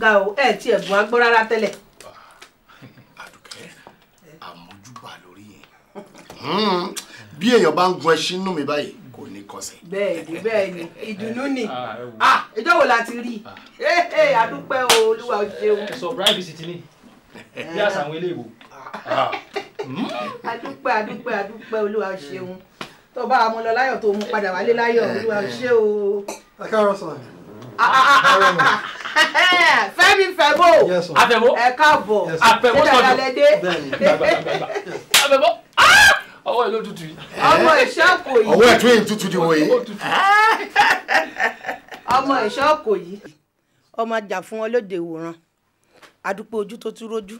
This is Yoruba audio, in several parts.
ga o ẹ ti ẹ̀bùn agbó rárá tẹ́lẹ̀. àdùkẹ́ àmójúbà lórí yẹn hmm, bí èèyàn bá ń gun ẹṣin nú mi báyìí kò ní kọsẹ̀. bẹ́ẹ̀ni bẹ́ẹ̀ni ìdùnnú ni ah, ah, ìjọ wo la ti rí i ah. àdúpẹ́ o olúwa ṣeun. sọ bribe sì ti ní bí àṣà àwọn eléèwò. àdúpẹ́ àdúpẹ́ àdúpẹ́ olúwa ṣeun tó bá a mú lọ láyọ̀ tó mú padà wálé láyọ̀ olúwa ṣe o. ẹ káàárọ̀ sọ̀rọ̀. fẹ́mi fẹ́bó àfẹ́bó ẹ̀káàbọ̀ àfẹ́bó tọ́jú àfẹ́bó ọwọ́ ẹ̀ ló tutù yìí. ọmọ ìṣọ́kò yìí. ọwọ́ ẹ̀ tún yìí tutù di wòye. ọmọ ìṣọ́kò yìí. ọmọ ajá fún wọn lóde ìwòran adúpẹ́ ojú tó tún rójú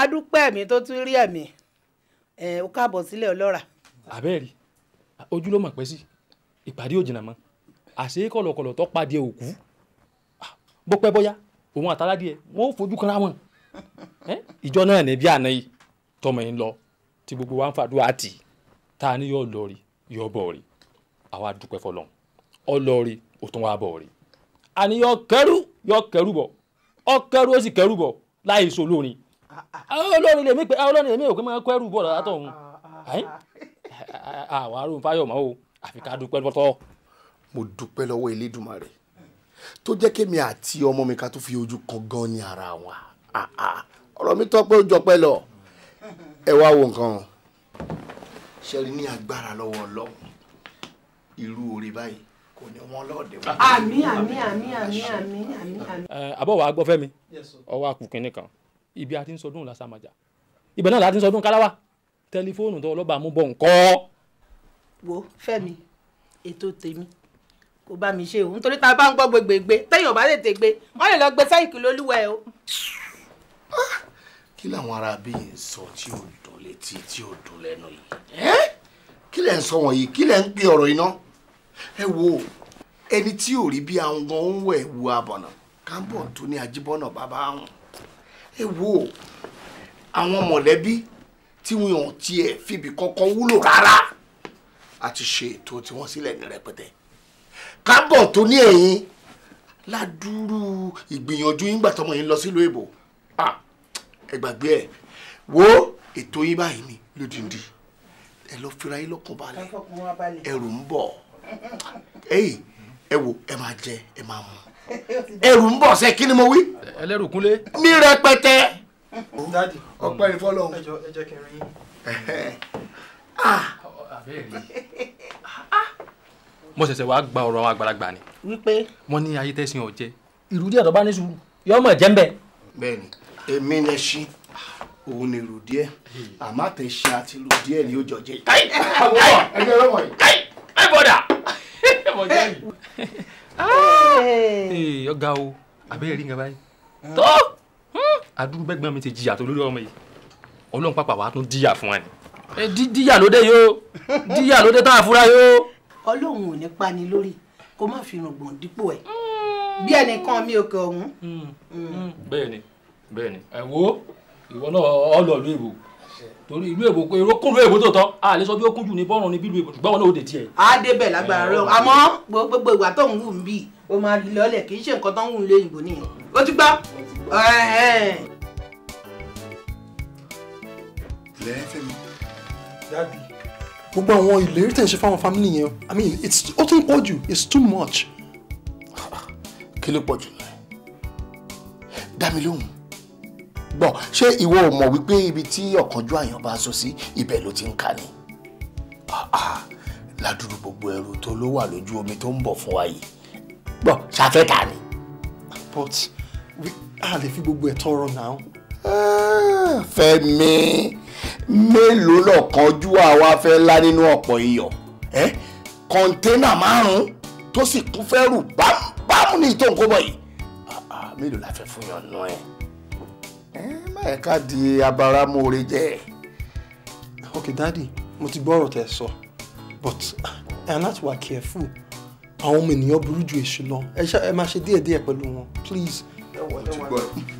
adúpẹ́ ẹ̀mí tó tún rí ẹ̀mí ẹ̀ ó káàbọ̀ sílẹ̀ ọlọ́ra. àbẹ́ẹ̀rí ojú ló mọ̀ pẹ́ sí ìpàdé òjìnà mọ́ àṣé kọ̀lọ̀kọ̀lọ̀ tó pàdé òkú ah, bó pẹ́ bóyá òun àtàládì ẹ̀ wọ́n ó fojú kanra wọn ìjọ náà ní bí àná yìí tọmọ yìí ń lọ tí gbogbo wa ń fàdúrà tì tá a ní yọ lọ rí yọ bọ̀ rí àwa dúpẹ́ fọlọ́n ọ lọ rí o tún wá bọ̀ rí àní yọ kẹrù yọ kẹrù bọ̀ ọ kẹrù ó sì kẹrù bọ̀ láì so lórin olórin lèmi pé olórin lèmi ò pé máa kẹrù bọ̀ látọ̀ òun àwa arúgbó fáyọ̀mọ́ o àfi ká dúpẹ́ lọ́tọ̀ mo dúpẹ́ lọ́wọ́ elédùnmarè tó jẹ́ kémi àti ọmọ mi ká tó fi ojú kan gan ní ara wa ah, ah, ah. ọ̀rọ̀ mi tọ́ pé ó jọpẹ́ lọ ẹ wá wo nǹkan ṣẹ́rí ní agbára lọ́wọ́ ọlọ́run irú oore báyìí kò ní wọn lọ́ọ̀dẹ̀ wọn. àmín àmín àmín àmín àmín àmín. àbọ̀ wàá ọwọ́ akùnkìnrin kan ibi a ti ń sọdún ibẹ̀ náà la ti ń sọdún kálá wa tẹlifóònù tó ọlọ́ba mú bọ̀ ńkọ́. wo fẹ́mi ètò tèmi kò bá mi ṣe o nítorí tá a bá ń gbọ́ gbègbègbè tẹ́yìn ò tètè gbé wọ́n lè lọ gbé sẹ́yìn kìló olúwẹ̀ o. Ah! kí làwọn ará bí ń sọ tí ò dùn létí tí ò dùn lẹ́nu yìí kí lẹ̀ ń sọ wọ̀nyí kí lẹ̀ ń gbé ọ̀rọ̀ iná ẹ wo ẹni tí ò rí bí àwọn gan ń wẹ̀ wo abọ̀nà kábọ̀ tó ní ajíbọ́nà bàbá àwọn ẹ wo àwọn mọ̀lẹ́bí tí wọn ò tiẹ̀ fìbí kọ́kọ́ wúlò rárá àti ṣe ètò tí sílẹ̀ ní rẹpẹtẹ kábọ̀ tó ní ẹ̀yìn ládùúrú ìgbìyànjú yín gbà tọmọ yín lọ sílùú èbò ẹ gbàgbé ẹ wo ètò yín báyìí ni lódìndí ẹ lọ fira yín lọ́kàn balẹ̀ ẹrù ń bọ̀ ẹyì ẹ wo ẹ máa jẹ ẹ máa mu ẹrù ń bọ̀ sẹ kí ni mo wí. ẹlẹ́rù kúnlé. ní rẹpẹtẹ. ọpẹ́ ní fọlọ́hún. ẹ jọ kí n rí yín. àbẹ́ẹ̀rẹ̀. Ah. Ah mo ṣẹ̀ṣẹ̀ wá gba ọ̀rọ̀ àwọn àgbàlagbà ni. wípé. wọ́n ní ayé tẹ́sán ọ̀jẹ́. ìrù díẹ̀ tó bá ní sùúrù yóò mọ̀ jẹ́ ń bẹ̀. bẹ́ẹ̀ni èmi lẹ ṣí òun ni ìrù díẹ̀ àmọ́ àtẹ̀ṣe àti ìrù díẹ̀ ni ó jọ jẹ. ẹ bọ̀dà. ọ̀gá o àbẹ́rẹ́ rí nǹkan báyìí. tó àdúgbò hmm? bẹ́gbọ́n mi ti jìyà tó lórí ọmọ yìí ọlọ́run pàpà wàá tún díyà fún ẹ. díyà lóde yóò díyà lóde tá a fura yóò ọlọ́run ò ní pani lórí kó má fi rògbòn dípò ẹ̀ mm. bí ẹnìkan mi òkè ọ̀hún. Mm. Mm. bẹ́ẹ̀ni bẹ́ẹ̀ni ẹ wo ìwọ náà ọlọ ìlú èbò torí ìlú èbò pé irú kúrò èbò tó tọ a lè sọ bí ó kúnjù ní bọ́ọ̀rùn ní bílù èbò ṣùgbọ́n wọn náà ó dé tiẹ̀. a dé bẹ̀ lágbára rẹ àmọ́ gbogbo ìwà tó ń wù ń bì ó máa lọlẹ̀ kì í ṣe nǹkan tó ń wù ń nìyẹn ó ti gbá lẹ́yìn fẹ́mi. dábì gbogbo àwọn ìlérí tẹ̀ ṣe fáwọn family yẹn i mean it's ó tún pọ̀ jù it's too much. kí ló pọ̀ jù lọ dá mi lóhùn gbọ́ ṣé ìwọ ò mọ̀ wípé ibi tí ọ̀kanjú àyàn bá sọ sí ibẹ̀ ló ti ń kà ní. ládùúgbò gbogbo ẹrù tó ló wà lójú omi tó ń bọ̀ fún wa yìí gbọ́ ṣàfẹ́ ta ni. but we a lè fi gbogbo ẹ̀ tọrọ náà Ah, fẹ́mi mélòó lọ̀kanjú àwa fẹ́ lá nínú ọ̀pọ̀ iyọ̀ kọ̀ńténà márùn-ún tó sì kún fẹ́rù bámú ní ìtò nǹkó bọ̀ yìí ah, ah, mélòó la fẹ́ fún yàn nù ẹ̀ máa ká di abáramóore jẹ́ ok dadi mo ti gbọ́ ọ̀rọ̀ tẹ́ sọ but ẹ láti wà careful àwọn ọmọ ènìyàn burú ju èṣù lọ ẹ máa ṣe díẹ̀díẹ̀ pẹ̀lú wọn please. ẹ wọ ẹ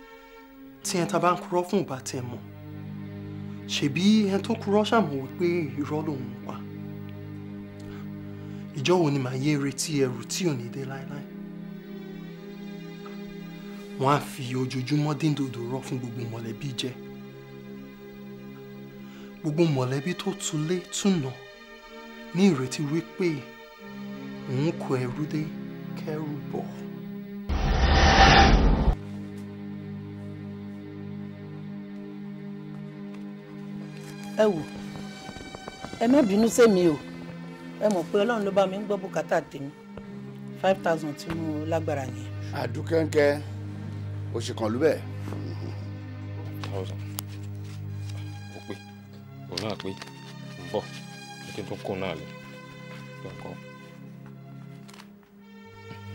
tí ẹ̀ ta bá ń kúrọ́ fún ìbá tẹ̀ mọ̀ ṣebí ẹ̀ tó kúrọ́ ṣàmọ̀ wípé irọ́ lòun pa ìjọ wo ni màá yé retí ẹrù tí ò ní dé láéláé wọ́n á fi ojoojúmọ́ díndòdò rọ́ fún gbogbo mọ̀lẹ́bí jẹ gbogbo mọ̀lẹ́bí tó tulé túnà ní ìrètí wípé òun kò ẹrú dé kẹrù bọ̀. ẹ wò ẹ má bínú sẹ́mi o ẹ mọ̀ pé ọlọ́run ló bá mi ń gbọ́ bùkátà tèmi five thousand tí mo lágbára yẹn. àdúkẹ́ńkẹ́ oṣù kan lúbẹ̀. ó pé òun náà pé ń bọ̀ kí n tún kún náà lọ lọ́kọ́.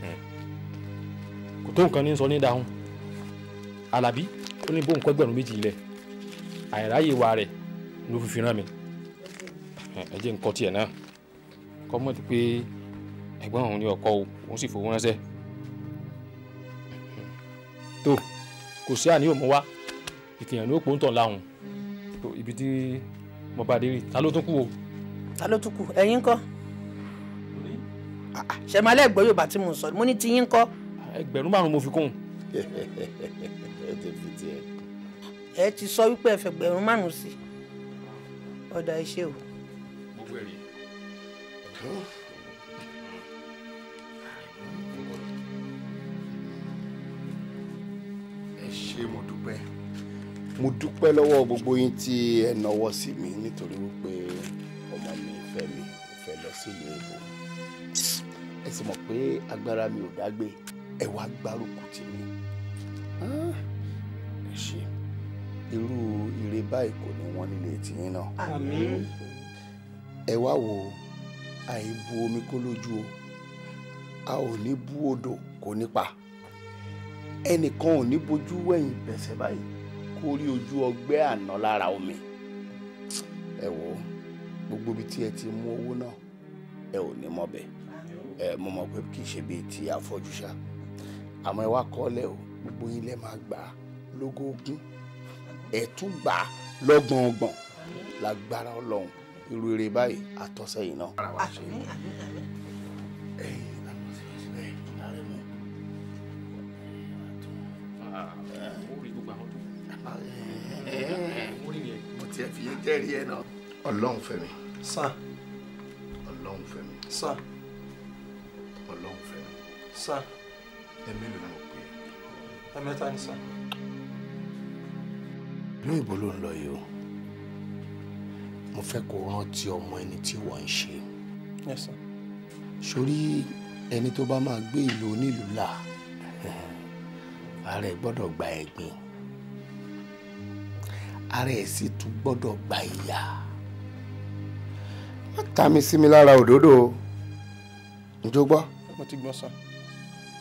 Hmm. kò tó nǹkan ní sọ ní dáhùn alábí ó ní bóun kọ́ ẹgbẹ̀rún méjì ilẹ̀ àìráyè wa rẹ̀ ló fi rán mi ẹ jẹ́ nǹkan tiẹ̀ náà kọ́ mọ̀ ti pé ẹ̀gbọ́n òun ní ọkọ o òun sì fowó ránṣẹ́ tó kò sí àníyàn mú wá ìtìyàn ní òpó ń tọ̀ láhùn tó ibi tí mo bá dé rí ta ló tún kù o. ta ló tún kù ẹ̀yin kọ́ ah, ṣe máa lẹ́gbọ́ Yorùbá tí mo sọ mo ní ti yín kọ́. ẹgbẹ̀rún márùn-ún mo fi kún un. ẹ ti sọ wípé ẹ fẹ̀gbẹ̀rún márùn-ún sí i ọ̀dà iṣẹ́ o. mo gbẹ̀rì. ẹ ṣé mo dúpẹ́ mo dúpẹ́ lọ́wọ́ gbogbo yín tí ẹ náwó sí mi nítorí wípé ọmọ mi fẹ́ mi fẹ́ lọ sílùú èbó ẹ sì mọ̀ pé agbára mi ò dágbé ẹ wá gbárùkù tì mí ẹ ṣé irú ire báyìí kò ní wọ́n nílé tìyín náà. ẹ wá wo àìbu omi kó lójú o a ò ní bú odò kò ní pa ẹnìkan ò ní bojú wẹ̀yìn bẹ̀sẹ̀ báyìí kó rí ojú ọgbẹ́ àná lára omi ẹ wò gbogbo ibi tí ẹ ti mú owó náà ẹ ò ní mọ̀bẹ̀ ẹ mo mọ̀ pé kì í ṣe bíi ti àfọ́júṣà àmọ́ ẹ wá kọ́lẹ̀ o gbogbo yín lẹ́ máa gbà á lógógún ẹ̀tún gbà lọ́gbọ̀ngbọ̀n lágbára ọlọ́run irú eré báyìí àtọ́sẹ́ ah, yìí náà. ọlọ́run fẹ́mi. sàn. ọlọ́run fẹ́mi. sàn. ọlọ́run fẹ́mi. sàn. ẹ mélòó ni mo pè é. ẹ mẹ́ta ni sàn ìlú ìbò ló ń lọ yìí o mo fẹ́ kó rántí ọmọ ẹni tí wọ́n ń ṣe. Yes sir. sórí ẹni tó bá máa gbé ìlú onílùú là ara ẹ̀ gbọ́dọ̀ gba ẹ̀gbin ara ẹ̀ sì tún gbọ́dọ̀ gba ìyà má ta mi sí mi lára òdodo ǹjọ́ gbọ́. mo ti gbọ́ sá.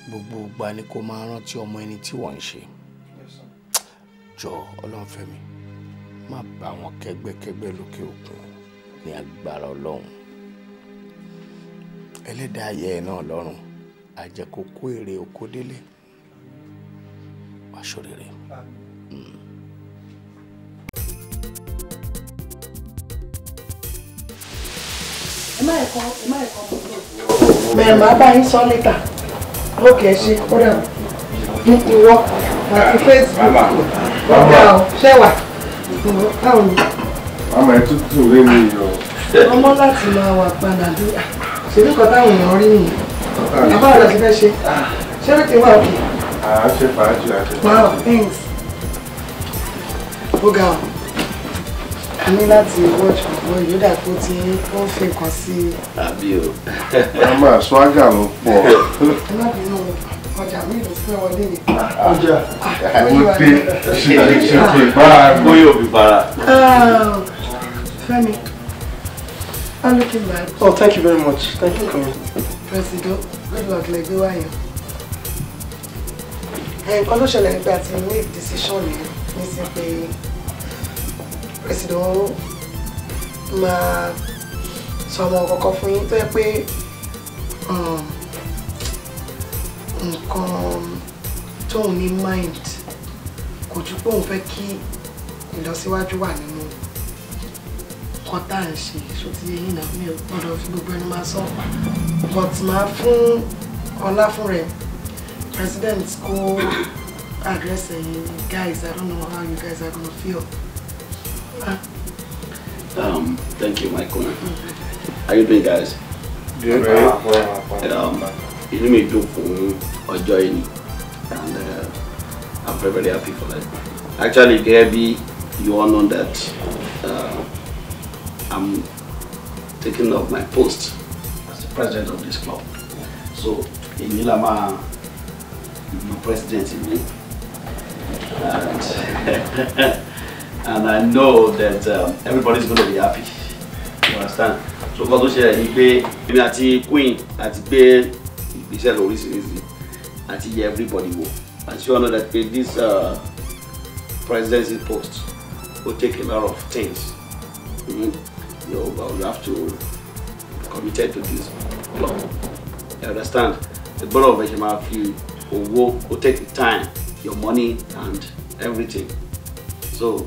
gbogbo ìgbà ni kó máa rántí ọmọ ẹni tí wọ́n ń ṣe jọ ọlọ́fẹ́mi má bá wọn kẹ́gbẹ́kẹ́gbẹ́ lókè òkun ní agbára ọlọ́run ẹlẹ́dàá ayẹ ẹ̀ náà lọ́rùn àjẹkó kó èrè oko délé wàá ṣòrèrè. Mm. mẹ má bá yín sọ níta lókè ẹ ṣe kódà ní ìwọ àti facebook ọmọ ṣẹwà báwo ni. ọmọ ẹ tútù lé mi yọ. ọmọ láti máa wà padà ah, bí ṣèlú kan táwọn èèyàn rí nìyí bàbá rẹ ti fẹ́ ṣe ṣé ló ti wà òkè. àá ṣe fàájì àti. wow thanks. ó ga ọ a ní láti watch ọ̀pọ̀ ìyódà tó ti ó fi kàn sí. àbí o. ọmọ àṣọ àgà ló pọ̀. ẹ má bínú o ọjà I'm looking mad. Oh, thank you very much. Thank you for coming. Presido, good luck lẹ́gbẹ́ wáyọ̀. Nǹkan ló ṣẹlẹ̀ nípa àti make decision yẹn nísìnyí pé Presido máa sọ ọmọ kọ̀ọ̀kan fún yín tó yẹ nǹkan tóun ní mind kò ju pé òun fẹ́ kí ìlọsíwájú wà nínú nǹkan tá à ń ṣe ṣó ti yé yìnbọn mi ò gbọ́dọ̀ fi gbogbo ẹni máa sọ but máa fún ọlá fún rẹ president kó address ẹ̀yin guys i don't know how you guys are gonna feel. Ah. Um, thank you, Michael. Mm -hmm. How you doing, guys? Good. um, inú mi dùn fún ọjọ́ yìí and uh, I'm very very happy for that. Actually gẹ́gẹ́ bí you all know that uh, I'm taking up my post as the president of this club so èmi là máa my president mi and and I know that um, going to be happy you understand so kọ́ tó ṣẹlẹ̀ ni pé èmi àti queen àti pé iṣẹ́ easy, àti yẹ everybody wò and you know that this uh, presidency post will take a lot of things mm -hmm. you, know, you have to commit to this law you understand the board of ẹ̀ṣẹ̀ máa fi owó o take the time your money and everything so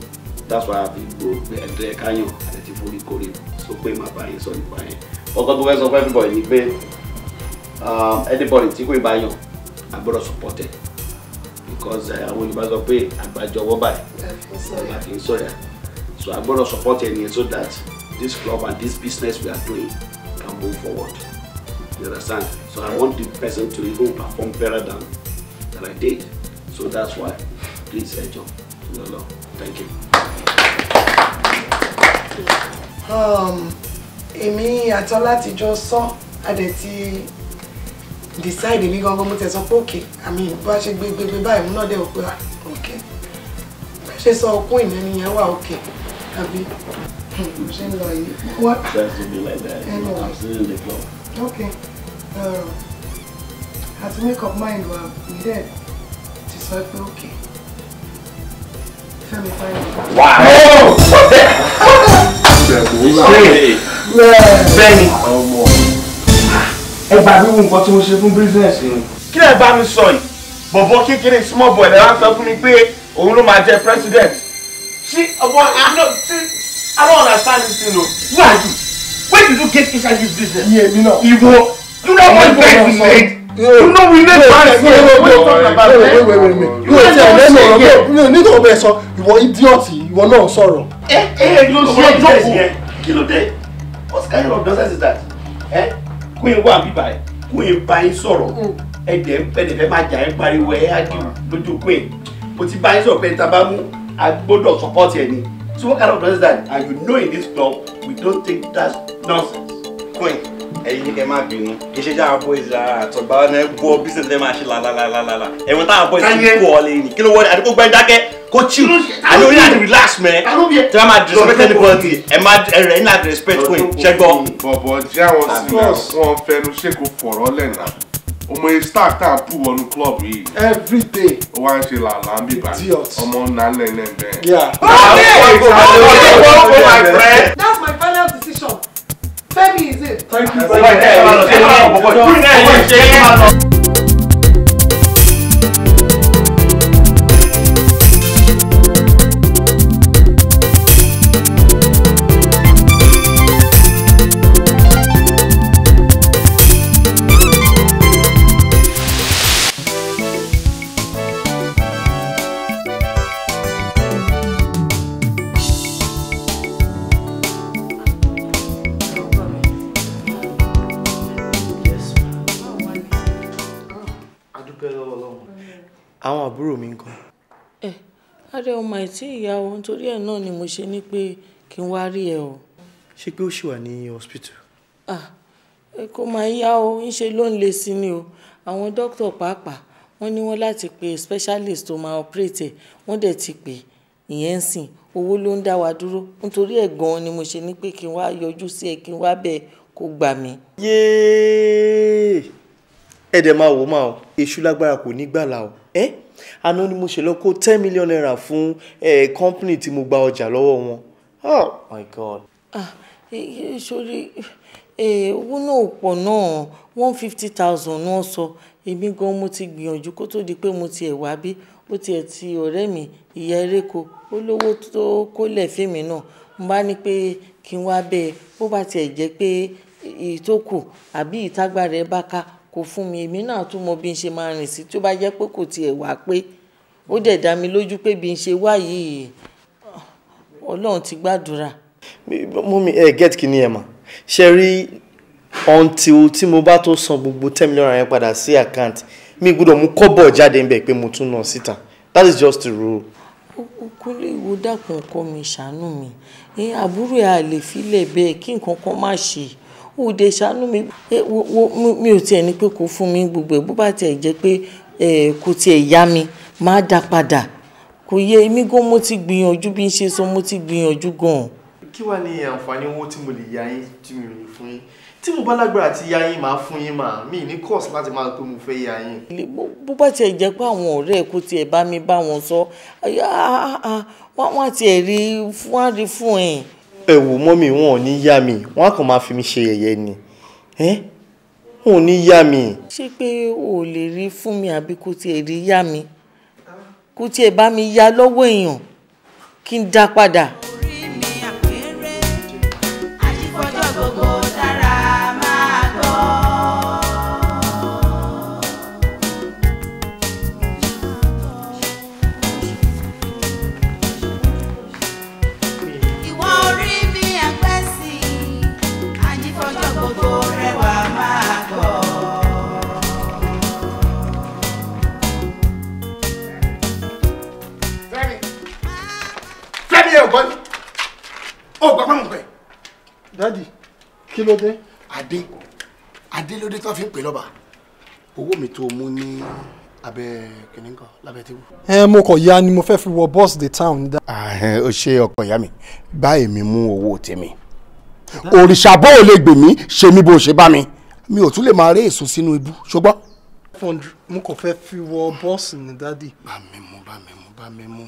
that's why i been go ẹ̀dẹ̀ káyọ̀ àti ti forí kórè so pé màá bá yín sọ nípa yẹn ọkọ tó fẹ́ sọ fún everybody ni pé. Uh, anybody tí kò bá yàn àgbọ́dọ̀ support ẹ̀ because uh, àwọn Yorùbá sọ pé àgbàjọwọ́ báyìí ọba kì í sọ̀yà so àgbọ́dọ̀ support ẹ̀ nìyẹn so that this club and this business we are doing can move forward you understand so I want the person to even perform better than than I did so that's why please to the no thank you. Um, èmi àtọ́ láti jọ sọ adẹ̀ ti decide mi gangan mo tẹ̀ sọ pé òkè àmì bá ṣe gbé gbégbé báyìí mú náà dẹ̀ òpè ah, Okay, bá ṣe sọ ọkùn ìyẹn nìyẹn wà òkè àbí hmm, mo ṣe ń lọ What? That's to be like that. Anyway. I'm still in the club. Okay. Uh, as make up mind wa mi dẹ̀ ti sọ pé òkè. Fẹ́mi fáyọ̀. Wow! Bẹ́ẹ̀ni. Bẹ́ẹ̀ni ẹ gbà wíwú nǹkan tí mo ṣe fún bísíǹsì ni. kí ẹ bá mi sọ yìí bọ̀bọ̀ kékeré small boy lẹ́wọ́n sọ fún mi pé òun ló máa jẹ president. ṣí ọmọ àná tí I don't understand this thing o. who are you? where did you get inside this business? iye mi náà. ìwọ you know what bed is made. You know we need money. Wait, wait, wait, wait, wait, wait, wait. You wait, tell them no, no, no. Need to be so. Ìwọ idiot, ìwọ náà sọ̀rọ̀. Eh, eh, you know what? Kí ló dé? What kind of nonsense is that? Eh? queen wà bíbá ẹ queen bá yín sọ̀rọ̀ mm. ẹ̀dẹ̀ ẹ̀dẹ̀ fẹ́ máa jà ẹ́ pariwo ẹ̀ á dì mm. lójú queen mo ti bá yín sọ̀rọ̀ pé ta bá mú a support ẹ ni so what kind of nonsense that and you know in this club we don't take that nonsense point ẹ̀yin ní kẹ́ má bínú iṣẹ́ tí àwọn boys rárá àtọ̀gbà náà gbọ́ business lẹ́ẹ̀ máa ṣe làlàlàlàlà ẹ̀wọ̀n táwọn boys ti kú ọ lẹ́yìn kí ló wọlé àdúgbò gbẹ́ dákẹ́ kó chill àní orí àti relax mẹ́ tí wọ́n máa disrespect anybody ẹ̀ máa ẹ̀rẹ̀ ẹ̀ náà respect queen ṣẹ́gbọ́. bọ̀bọ̀ jẹ́ àwọn stars wọn fẹnu ṣe kò fọ̀rọ̀ lẹ́nà ọmọ yìí star tá a pù wọnú club yìí. every day. ó wá ń ṣe làlà ń bíbá ọmọ nà lẹ́nà bẹ́ẹ̀. yeah. okay okay my friend. that's my final decision. Fẹ́mi is it? Thank you very much. àbúrò mi ńkọ́. ẹ ààrẹ ọmọ àìtí ìyá o nítorí ẹ náà ni mo ṣe ní pé kí n wá rí ẹ o. ṣé pé ó ṣì wà ní hospital. ah kó máa yá o ńṣe ló ń le sí ni o àwọn dókítà pàápàá wọ́n ní wọ́n láti pe specialist tó máa operate ẹ̀ wọ́n dẹ̀ ti pè ìyẹn ń sìn owó ló ń dá wa dúró nítorí ẹ̀ gan-an ni mo ṣe ní pé kí n wá yọjú sí ẹ kí n wá bẹ̀ kó gbà mí. yéé ẹ̀dẹ̀ máa wò máa o èṣù lágbára kò ní gbàlà o eh? àná ni mo ṣe lọ kó ten million naira fún company tí mo gba ọjà lọ́wọ́ wọn oh my god. ah sori owó náà pọ̀ náà one fifty thousand náà sọ èmi gan mo ti gbìyànjú kó tó di pé mo tiẹ̀ wá bí bó tiẹ̀ ti ọ̀rẹ́ mi ìyá eréko ó lówó tó kólẹ̀ fèmí náà mo bá ní pé kí n wá bẹ́ẹ̀ bó bá tiẹ̀ jẹ́ pé ìtókù àbí ìtagbára ẹ bá ká kò fún mi èmi náà tún mọ bí n ṣe máa rìn sí tí ó bá jẹ́ pé kò tiẹ̀ wá pé ó dẹ̀ dá mi lójú pé bí n ṣe wá yìí ọlọ́run ti gbàdúrà. mummy ẹ get kí ni ẹ mà ṣe rí until tí mo bá tó san gbogbo ten million yẹn padà sí àkáǹtì mi gbọ́dọ̀ mú kọ́bọ̀ jáde ńbẹ̀ pé mo tún nà síta that is just the rule. Kúnlé ìwò dàpọ̀ ọkọ mi ṣàánú mi àbúrò ẹ̀ à lè filẹ̀ kí nǹkan kan má ṣe òde ṣàánú mi wo mi ò tiẹ̀ ní pé kò fún mi gbogbo ẹ̀ bó bá tiẹ̀ jẹ́ pé kò tiẹ̀ yá mi máa dá padà kò yẹ èmi gan mo ti gbìyànjú bí n ṣe sọ mo ti gbìyànjú gan. kí wàá ní àǹfààní owó tí mo lè yá yín tí mi ò ní fún yín tí mo bá lágbára ti yá yín màá fún yín màá mi ní course láti máa pé mo fẹ́ yá yín. bó bá tiẹ̀ jẹ́ pé àwọn ọ̀rẹ́ kò tiẹ̀ bá mi bá wọn sọ wọ́n á tiẹ̀ rí fún ẹ̀ ẹ wò mọ́mì wọn ò ní yá mi wọn á kàn máa fi mi ṣe yẹ̀yẹ́ ni wọn ò ní yá mi. ṣé pé o lè rí fún mi àbí kò tiẹ̀ rí yá mi kò tiẹ̀ bá mi yá lọ́wọ́ èèyàn kí n dá padà. ló dé? Adé. Adé ló dé tó fi ń pè lọ́ba. Owó mi tó mú ní abẹ́ kìnìún lábẹ́ tébù. Ẹ mo kọ̀ ya ni mo fẹ́ fi wọ bus the town. O ṣe ọkọ ìyá mi, báyìí mi mú owó tèmi. Òrìṣà bó o lè gbè mí, ṣe mi bó o ṣe bá mi. Mi ò tún lè máa rí èso sínú ibú, ṣùgbọ́n. Mo kàn fẹ́ fi wọ bọ́ọ̀sì ni dádì. Bá mi mú, bá mi mú, bá mi mú.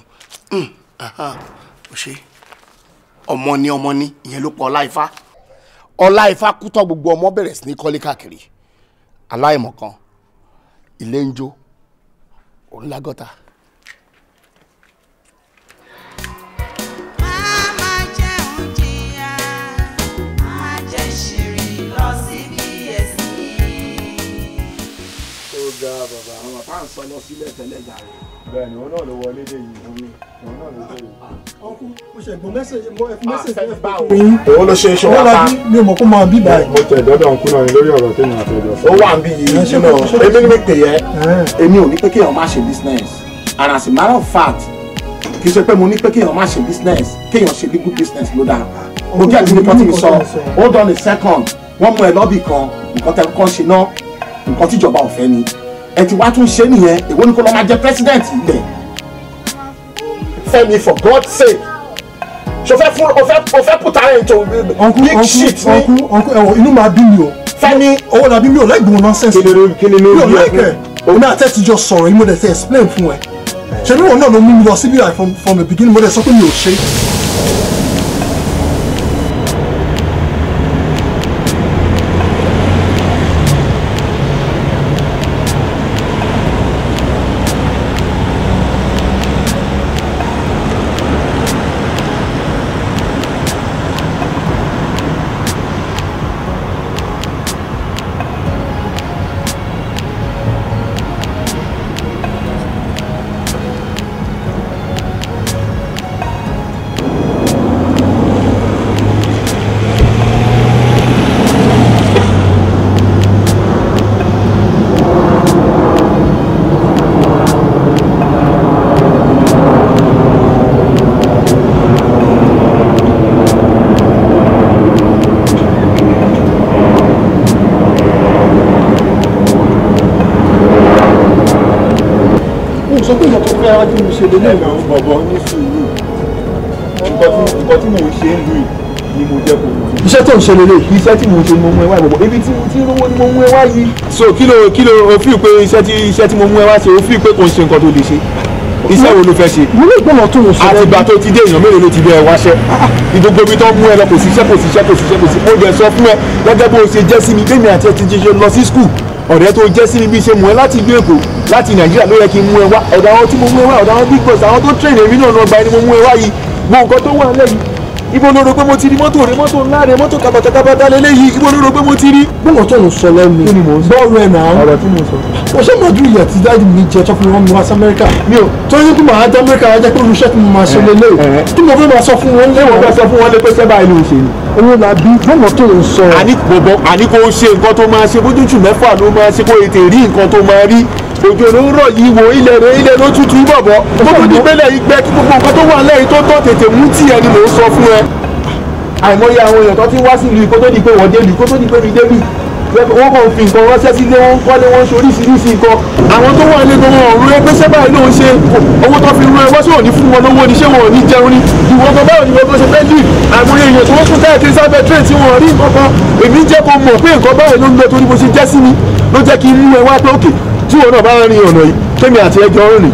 Hmm, o ṣe ọmọ ni ọmọ ni ìyẹn ló pọ̀ láìfá ọlá ifá kútọ́ gbogbo ọmọ bẹ̀rẹ̀ sí ní kọ́lé káàkiri aláìmọ̀kan ilé ń jó òun lágọ́ta. Good job, bàbá pàǹsọ lọ sílẹ̀ tẹ́lẹ̀ jàre. bẹ́ẹ̀ni òun náà ló wọlé dé yìí òun náà ló dé yìí. ọkú mo ṣe gbọ́n mẹ́sẹ̀jì mo ẹ̀fún mẹ́sẹ̀jì ẹ̀fún tó yín. òun ló ṣe é ṣọwọ́ pa mi ò mọ̀ kó máa bí báyìí. mo tẹ̀ dọ́dọ̀ ń kúnná ni lórí ọ̀rọ̀ tẹ̀yìn àtẹ̀jọ́. ó wà ń bí yìí nínú ebi ni mi pè yẹ èmi ò ní pé kéèyàn má ṣe business and as a matter of fact kì í ṣe pé mo ní pé kéèyàn má ṣe business kéèyàn ṣe legal business ló dáa mo jẹ́ ìdílé kan tí mi sọ hold on a second wọ́n mú ẹ lọ́bì kan nǹkan tẹ́ kọ́ ṣe náà nǹkan tíjọba ò fẹ́ ni ẹ ti wá tún ṣe nìyẹn èwo ni kó lọ́ọ́ máa jẹ president ilẹ̀ Fẹ́mi for God's sake ṣe o fẹ́ fún o fẹ́ o fẹ́ put ara into big shit ni. ọkú ọkú ẹwọ inú máa bí mi o. Fẹ́mi owó làbí mi ò lẹ́gbọ̀n nonsense mi ò lẹ́kẹ̀ omi àti ẹ̀ ti jọ sọ̀rọ̀ yìí mo dẹ̀ ti explain fún ẹ ṣe ni wọn náà ló mú mi lọ síbí àìfọ̀n from the beginning mo dẹ̀ sọ pé mi ò ṣe. ẹran tí mo ṣe lé lẹ́yìn. ẹ̀rọ bọ̀bọ̀ ní sùúrù nǹkan tí mò ń ṣe ń lu ni mo jẹ́ kó lù. iṣẹ́ tó ń ṣe lélẹ̀ iṣẹ́ tí mo ṣe mo mú ẹ wá ìbọ̀bọ̀ ibi tí tí rówó ni mo mú ẹ wá yìí. so kí ló kí ló o fi pé iṣẹ́ tí iṣẹ́ tí mo mú ẹ wá ṣe o fi pé kò ń ṣe nǹkan tó lè ṣe iṣẹ́ wo ló fẹ́ ṣe. mo ní ìgbọ́nà tó ń sọ lẹ́nu. àtìgbà tó ti dé èèyàn mélòó ló ti bẹ ẹ wáṣẹ́. ìdógó mi tó ń mú ẹ lọ kò sí iṣẹ́ kò sí iṣẹ́ kò sí iṣẹ́ kò sí. mo dẹ̀ sọ fún ẹ gẹ́gẹ́ bó o ṣe jẹ́ sí mi bẹ́ẹ̀ mi àti ẹ ti ṣe lọ sí skul ọ̀rẹ́ tó jẹ́ sí mi bí ṣe mú ẹ láti ìlú Èkó láti nàìjíríà ló yẹ kí n mú ẹ wá ọ̀dọ̀ àwọn tí mo mú ẹ wá ọ̀dọ̀ àwọn big boss àwọn tó train èmi náà lọ́gbà ẹni mo mú ẹ wá yìí mo nǹkan tó wà nílẹ̀ yìí ibo ló rò pé mo ti rí mọ́tò rẹ mọ́tò ńlá rẹ mọ́tò kàbàtàkàbàtà lélẹ́yìí ibo ló rò pé mo ti rí. bọ́lọ̀ tó ń sọ lẹ́nu bọ́ọ̀rù ẹ̀ náà ọ̀rọ̀ tí mo sọ. mo ṣe máa ju ìyà tí dáàdì mi jẹ tó fi wọn mi wá sí amẹ́ríkà mi ò tó yẹ kí màá dé amẹ́ríkà wájá pé olùṣẹ́ tí mo máa ṣe lélẹ̀ tí mo fẹ́ máa sọ fún wọn. ṣé wọn bá sọ fún wọn lé pé sẹ́bà ilé òṣèlú. owó la bí bọ́lọ̀ tó ń sọ. àní kò ṣe nǹkan tó máa ṣe bójútù mẹ́fà ló máa ṣe kó ètè rí nǹkan tó máa rí òjò ló ń rọ̀ yìí wo ilẹ̀ rẹ̀ ilẹ̀ ló tutù bọ̀bọ̀ gbogbo nígbẹ́lẹ̀ igbẹ́ kí gbogbo nǹkan tó wà lẹ́yìn tó tọ̀ tètè mú tì ẹ ni mò ń sọ fún ẹ. àìmọye àwọn èèyàn tó ti wá sílùú kó tó di pé wọ́n délùú kó tó di pé mi délùú wọ́n kàn fi nǹkan ránṣẹ́ sílé wọn kọ́lé wọn ṣe oríṣiríṣi nǹkan àwọn tó wà ní gbogbo ọ̀run ẹgbẹ́ sábà ló ń ṣe owó tó fi rán ẹ wá pé tí wọn náà bá rìn ọ̀nà yìí kémi àti ẹjọ́ ń rìn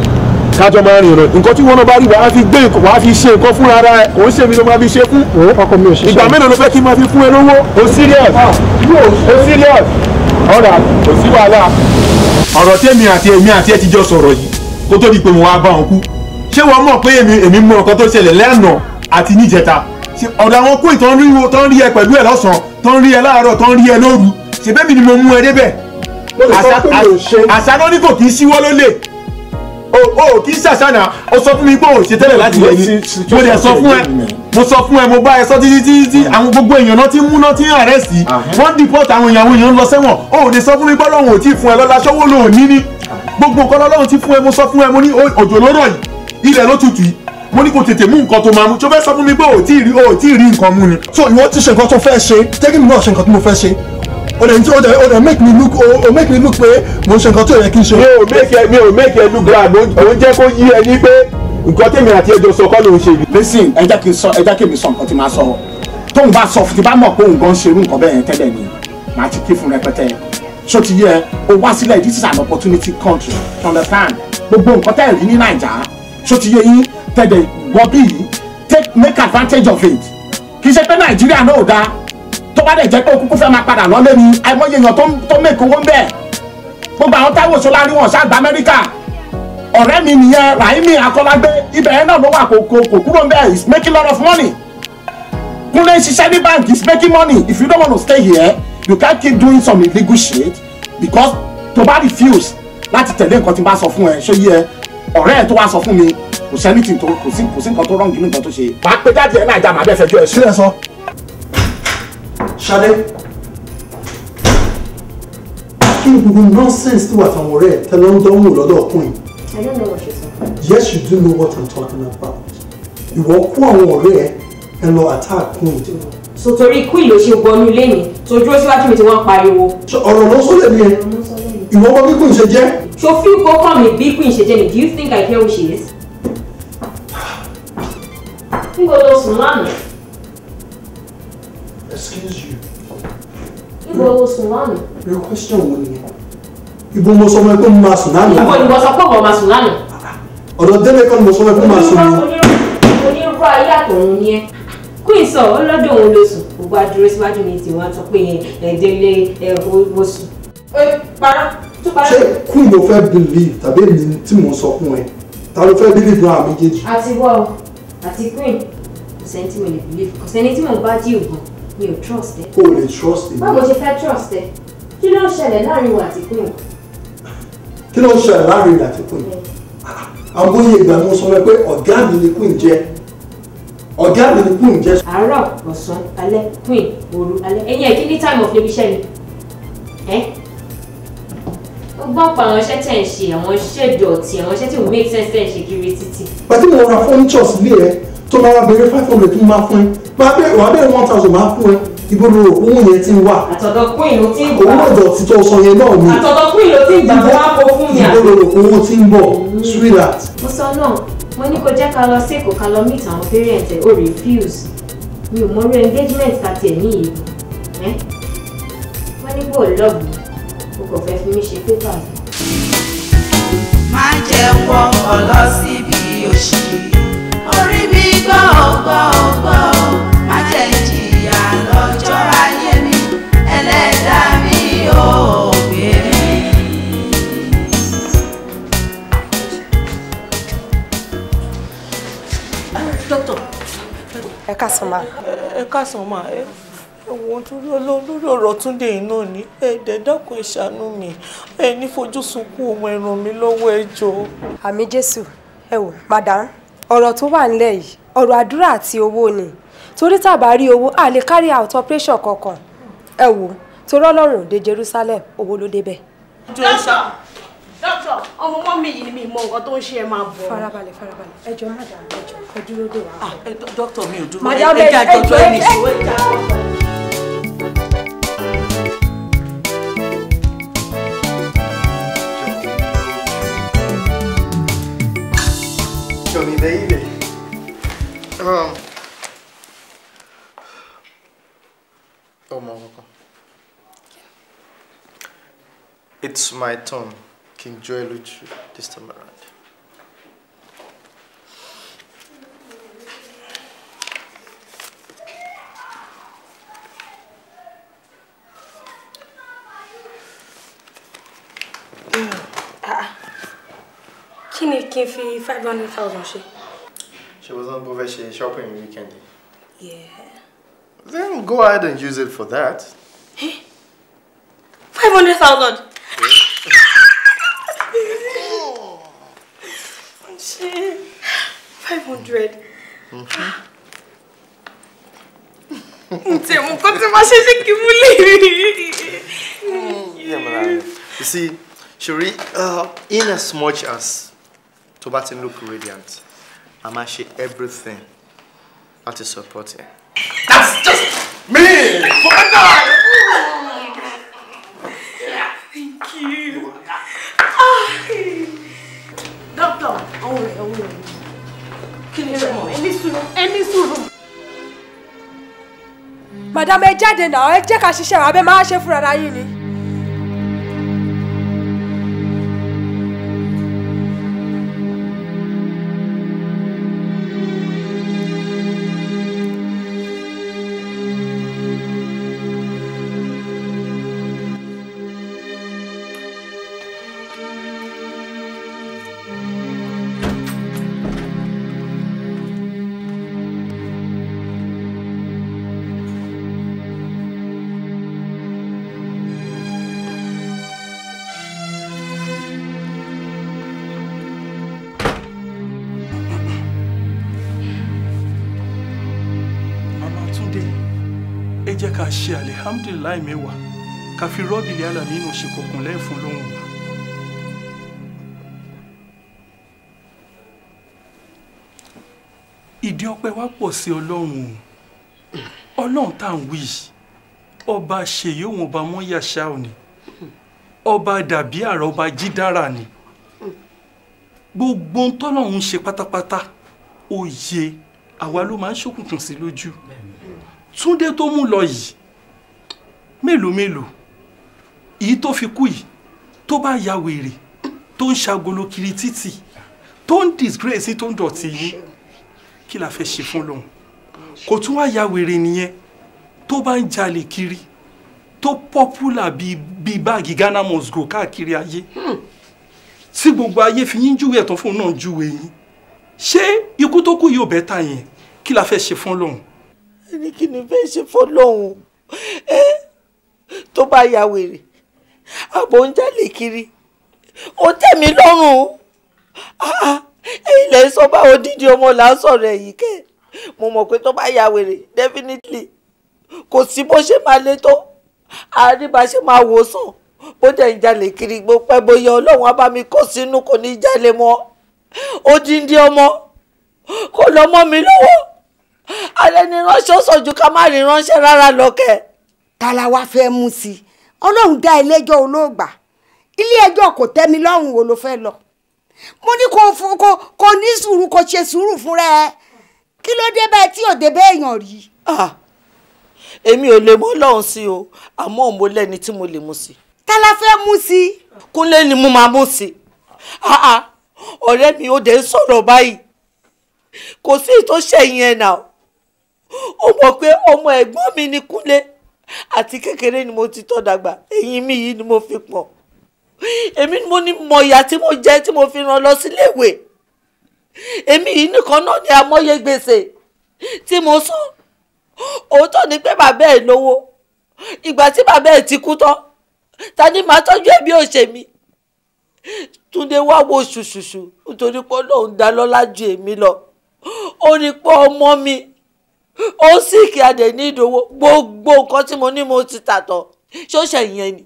kájọ máa rìn ọ̀nà nǹkan tí wọn náà bá rí wàá fi gbé nǹkan wàá fi ṣe nǹkan fún ara ẹ òun ṣèmi ló máa fi ṣe fún. ọkọ mi ò ṣiṣẹ́ ìgbà mélòó ló fẹ́ kí n máa fi fún ẹ lówó. o serious ah, o serious ọ̀rọ̀ kò sí wàhálà. ọ̀rọ̀ tèmi àti èmi àti ẹ ti jọ sọ̀rọ̀ yìí kó tó di pé mo wá bá wọn kú ṣé wọn mọ̀ pé èmi èmi mọ̀ nǹkan tó ṣẹlẹ̀ lẹ́nà àti níjẹta ọ̀dọ̀ àwọn kó ìtàn rí ẹ pẹ̀lú ẹ lọ́sàn-án tán rí ẹ láàárọ̀ tán rí ẹ lóru ṣèbẹ́mi ni mo mú ẹ débẹ̀ àṣàrò ní kò kì í síwọ́ lólè o kì í ṣàṣàna o sọ fún mi pé o ṣe tẹ́lẹ̀ láti lẹ́yìn mo dẹ̀ sọ fún ẹ mo sọ fún ẹ mo bá ẹ sọ títí títí mm. àwọn gbogbo èèyàn náà ti mú náà ti ń àrẹ́sì wọ́n dìpọ́t àwọn èèyàn àwọn èèyàn lọ sẹ́wọ̀n o ò lè sọ fún mi pé ọlọ́run ò tí ì fún ẹ lọ́la ṣọ́wọ́ ló ní ní gbogbo nǹkan ọlọ́run ti fún ẹ mo sọ fún ẹ mo ní òjò ló yìí ilẹ̀ ló tutù yìí mo ní kò tètè mú nǹkan tó máa mú tó fẹ́ sọ fún mi pé o ò tí ì rí nǹkan mú ni. so ìwọ ti ṣe nǹkan tó fẹ́ ṣe tẹ́gí mi náà ṣe nǹkan tó mo fẹ́ ṣe o dẹ̀ o dẹ̀ o dẹ̀ make me look o o make me look pé mo ṣe nǹkan tó yẹ kí n ṣe. mi ò make ẹ mi ò make ẹ look bad o jẹ́ kó yí ẹ ní pé nǹkan tèmi àti ẹjọ sọ kọ́ ló ń ṣe yìí. listen ẹ jẹ́ kí n sọ ẹ jẹ́ kí mi sọ nǹkan tí màá sọ tóun bá sọ tí bá mọ̀ pé òun gan ṣe irú nǹkan bẹ́ẹ̀ tẹ́lẹ̀ ni màá ti kí fún rẹpẹtẹ ṣó ti yẹ o wá sílẹ̀ this is an opportunity country understand gbogbo nǹkan tẹ́ ẹ̀ rí ní nàìjà ṣó ti yẹ yín tẹ̀dẹ̀ gbọ́ bí yìí take make advantage of it kì í ṣe pé nàìjíríà náà ò dáa tó bá dẹ̀ jẹ́ pé òkúkú fẹ́ máa padà lọ́lé ni àìmọye èèyàn tó mèkó owó ń bẹ̀ gbogbo àwọn táwọn oṣù láàrin wọn ṣáàgbà amẹ́ríkà ọ̀rẹ́ mi nìyẹn Raimi Akọ́lágbé ibẹ̀ yẹn náà ló wà kò kò kò kúrò ń bẹ̀ is making lot of money Kúnlé ń ṣiṣẹ́ ní bank is making money if you don't want to stay here you can't keep doing some illegal shit because tó bá refuse láti tẹ̀lé nǹkan tí n bá sọ fún ẹ ṣé yẹ ọ̀rẹ́ ẹ tó wá sọ fún mi kò sẹ́ni tí kò sí nǹkan tó rọ́ǹgì nǹkan tó ṣe. wàá pe jáde ẹ̀ náà ìjà màá bẹ́ẹ̀ fẹjọ́ ẹ sọ. Ṣadé kí ni gbogbo nonsense tó wà fún ọ̀rẹ́ ẹ̀ tẹ́lẹ̀ ń dánwò lọ́dọ̀ ọkùnrin. I don't know what you're talking. Yes, you do know what I'm talking about. Ìwọ kó àwọn ọ̀rẹ́ ẹ̀ ẹ lọ attack queen. so torí queen ló ṣe wọnú ilé mi tó dúró síwájú mi tí wọ́n ń pariwo. ọ̀rọ̀ ló sọ lẹ́nu yẹn ìwọ ọmọ bí queen ṣe jẹ́. sofin kọ́kọ́ mi bí queen ṣe jẹ́ ni do you think I care who she is. n kò lọ sùn lánàá excuse you. ibo ló sùn lánàá. your question wo nìyẹn ibo mo sọ ọmọ ẹ pé mo máa sùn lánàá. ibo ni mo sọ pé mo máa sùn lánàá. ọ̀dọ̀ délé kan ni mo sọ ọmọ ẹ pé mo máa sùn lánàá. onírú ayé àtọ̀run ni ẹ queen sọ ọlọ́dọ̀ òun ló sùn gbogbo adúró síwájú ní tiwọn á sọ pé ẹ délé ẹ ó sùn. ẹ para tó para. ṣé queen ló fẹ́ believe tàbí èmi tí mò ń sọ fún ẹ ta ló fẹ́ believe náà méjèèjì. àti wọ́ọ̀ àti queen kò sẹ́ni tí mo lè believe kò sẹ́ni tí mo bá jí ògùn mi ò trust ẹ. o ò lè trust ẹ. báwo ṣe fẹ́ trust ẹ kí ló ń ṣẹlẹ̀ láàrin wa àti queen. kí ló ń ṣẹlẹ̀ láàrin wa àti queen. àgbóyè ìgbà mo sọ pé ọ̀gá mi ni queen jẹ́ ọ̀gá mi ni queen jẹ́. àárọ̀ ọ̀sán alẹ́ queen òru alẹ́ ẹ̀yin ẹ̀kí ní time of the iṣẹ́ ni. ó gbọ́ pa àwọn iṣẹ́ tẹ̀ ń ṣe àwọn iṣẹ́ ìdọ̀tí àwọn iṣẹ́ tí ò make sense tẹ̀ ń ṣe kiri títì. pàtí mo ra fọ́nìṣọ̀sì ilé rẹ tó máa wá bẹ̀rẹ̀ five hundred tó máa fún ẹ máa bẹ̀rẹ̀ wàá bẹ̀rẹ̀ one thousand máa fún ẹ ibo ni owó yẹn ti wà. àtọ̀dọ̀ queen ló ti ń gbà owó ọ̀dọ̀ ti tọ́ sọ yẹn náà ni. àtọ̀dọ̀ queen ló ti ń gbà wá kó fún mi. ibo ni owó ti ń bọ̀ sweetheart. mo sọ náà mo ní kó jẹ́ ká lọ sí èkó ká lọ meet àwọn parents ẹ̀ ó refuse mi ò mọ orí engagement àti ẹ̀mí yìí wọ́n ní bò lọ́ọ̀bù o kò fẹ́ fi mí ṣe pépà mi. má jẹ́ wọ́ ọ lọ síbi òṣì kásán máa. ẹ kásán máa ẹ wo lórí ọ̀rọ̀ Túndé yìí náà ni ẹ dẹ̀ dákun ìṣàánú mi ẹ ní fojú sunkún ọmọ ẹ ràn mí lọ́wọ́ àmì Jésù ẹ wò madam ọ̀rọ̀ tó wà nílẹ̀ yìí ọ̀rọ̀ àdúrà àti owó ni torí tá owó a lè carry out operation kankan ẹ wò torí ọlọ́run dé Jerusalem owó ló débẹ̀. dókítà dókítà ọmọ ọmọ mi yìí ni mi mọ nǹkan tó ń ṣe ẹ máa bọ̀. farabalẹ̀ farabalẹ̀ ẹ jọ̀ọ́ má dàrú ẹ jọ̀ọ́ ẹ dúró dè wá. Ah, eh, dókítà mi ò dúró ẹ jẹ́ àjọjọ́ ẹ̀ nìṣó ẹ̀ jẹ́ àjọjọ́. Um. Oh, It's my turn, King Joel Luchu, this time around. Ah. kí ni kí n fi five hundred thousand ṣe. ṣé o sọ pé o fẹ́ ṣe shopping weekend. Yeah. Then go ahead and use it for that. five hundred thousand. ṣe five hundred. ǹjẹ́ mo kọ́ tí wọ́n ṣe ṣe kí mú lè rí. Mm, you see, Shuri, uh, in as much as tó bá ti look radiant I'm actually ṣe everything láti support ẹ. that's just me for oh my dog. thank you. Ah. doctor ọ̀hún rẹ̀ oh. rẹ̀ kí ni ṣe mọ̀ ẹni sùúrù ẹni sùúrù. madam ẹ jáde náà ẹ jẹ́ ká ṣiṣẹ́ abẹ́ máa ṣe fúnra yín ni. ká ṣe alihamdulilayi mẹ́wàá ká fi rọ́bìlì alamínú ṣe kọkùn lẹ́yìn fún lóhùn wa. ìdí ọpẹ́ wa pọ̀ sí ọlọ́run o ọlọ́run tá à ń wí ọba ṣèyí òun ọba mọ́yàṣá òní ọba dàbí àrà ọba jídára ni gbogbo ń tọ́lọ́run ṣe pátápátá òye àwa ló máa ń ṣókùnkùn sí lójú. Bẹ́ẹ̀ túndé tó mú lọ yìí mélòó mélòó èyí tó fi kú yìí tó bá ya wèrè tó ń ṣagolo kiri títì tó ń disgrace tó ń dọ̀tí yìí kí la fẹ́ ṣe fún lòun kò tún wá ya wèrè nìyẹn tó bá ń jalè kiri tó popular bíi bíi báàgì ghana must go káàkiri ayé hmm. tí gbogbo ayé fi yín júwe ẹ̀tàn fún un náà júwe yín ṣé ikú tó kú yóò bẹ́ẹ̀ tà yẹn kí la fẹ́ ṣe fún lòun ní kí ni fẹ́ ṣe fọlọ́hún ẹ tó bá ya wèrè àbò ń jalè kiri ó tẹ̀ lọ́rùn ẹ̀yin lẹ́yìn sọ bá odidi ọmọ là ń sọ̀rọ̀ kẹ́ mo mọ̀ pé tó bá ya wèrè definitely kò sí bó ṣe máa lé tó àárín bá ṣe máa wò sàn bó jẹ́ ń jalè kiri gbó pẹ́ bóyá ọlọ́run á bá mi kó sínú kò ní jalè mọ́ odidi ọmọ kò lọ́mọ mi lọ́wọ́ alẹ́ ni ránṣẹ́ sọ̀jù ká má rí ránṣẹ́ rárá lọ́kẹ́. ta la wá fẹ́ mú sí i ọlọ́run dá ilé-ẹjọ́ olóògbà ilé-ẹjọ́ kò tẹ́ mi lọ́rùn wo ló fẹ́ lọ mo ní kò ní sùúrù kò ṣe sùúrù fúnra ẹ kí ló dé báyìí tí òde bẹ́ẹ̀ yàn rí. Ah, èmi ò lè mọ ọlọ́run sí o àmọ́ mo lẹ́ni tí mo lè mú sí. ta la fẹ́ mú sí. kúnlé ni mo máa mú sí ah, ah, ọ̀rẹ́ mi ò dé ń sọ̀rọ̀ báyìí kò sí ìtọ́ṣẹ̀yìn ẹ̀ náà ó mọ̀ pé ọmọ ẹ̀gbọ́n mi ni Kúnlé àti kékeré ni mo ti tọ́ dàgbà ẹ̀yìn mi yìí ni mo fi pọ̀ èmi ni mo ní mọ̀yà tí mo jẹ́ tí mo fi ràn lọ síléèwé èmi yìí nìkan náà ni amọ́yé gbèsè tí mo sọ òótọ́ ni pé bàbá ẹ̀ lówó ìgbà tí bàbá ẹ̀ ti kú tán ta ni màá tọ́jú ẹ̀ bí ó ṣe mi Túndé wá wo ṣùṣùṣù nítorí pé Ọlọ́run dá lọ́lá ju èmi lọ ó ní pé ọmọ mi ó sì kí adẹ̀ ní ìdòwò gbogbo nǹkan tí mo ní mo ti tà tán ṣó ṣe ìyẹn ni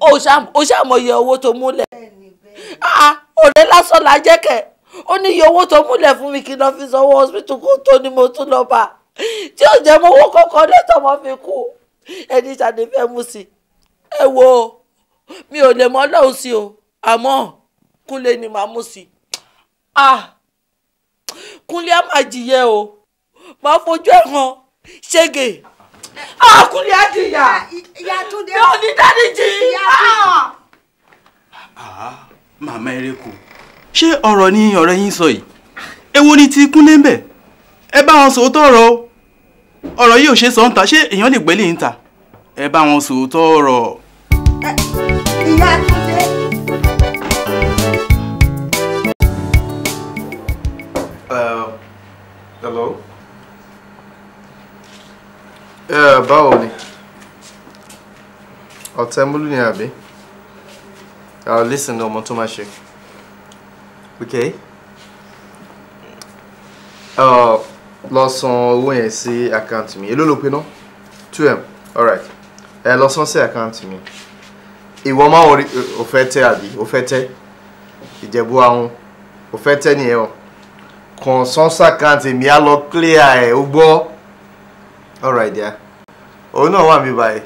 ó ṣàmọye owó tó múlẹ̀ ah, ọ̀rẹ́ lásán la jẹ́ kẹ̀ ó ní iye owó tó múlẹ̀ fún mi kí n lọ fi sanwó hospital kó tó ni mo tún lọ bá tí ó jẹ́ mọ́wọ́ kọ́kọ́ lẹ́tọ̀ mọ́ fi kú ẹni ṣàdé fẹ́ mú sí ẹ wo mi ò lè mọ́ lọ́hùn sí o àmọ́ kúnlé ni màá mú sí ah, kúnlé á máa jìyẹ o. máa fojú ẹ̀ hàn ṣége àkúrẹ́ àdìyà ya ò ní dáríjì. Ah. Ah, màmá eréko ṣé ọ̀rọ̀ ni ọ̀rẹ́ yín sọ yìí ewo ni ti kúnlé ń ẹ bá wọn sòótọ́ ọ̀rọ̀ o ọ̀rọ̀ yìí ò ṣe sọ ń ta ṣé èèyàn lè gbẹ́lẹ̀ ń ta ẹ bá wọn sòótọ́ ọ̀rọ̀. Eh, báwo ni ọ̀tẹ̀múlú ni àbí àwọn lẹ́sìn ọmọ tó máa ṣe okay lọ san owó yẹn sí àkáǹtì mi èló ló pe ná two m alright ẹ lọ san sí àkáǹtì mi ìwọ máa wọrí òfẹ́ tẹ àbí òfẹ́ tẹ ìjẹ̀bú ahun òfẹ́ tẹ nìyẹn o kàn san sí àkáǹtì mi á lọ clear ẹ̀ ó gbọ́ alright dear òun náà wà mí báyìí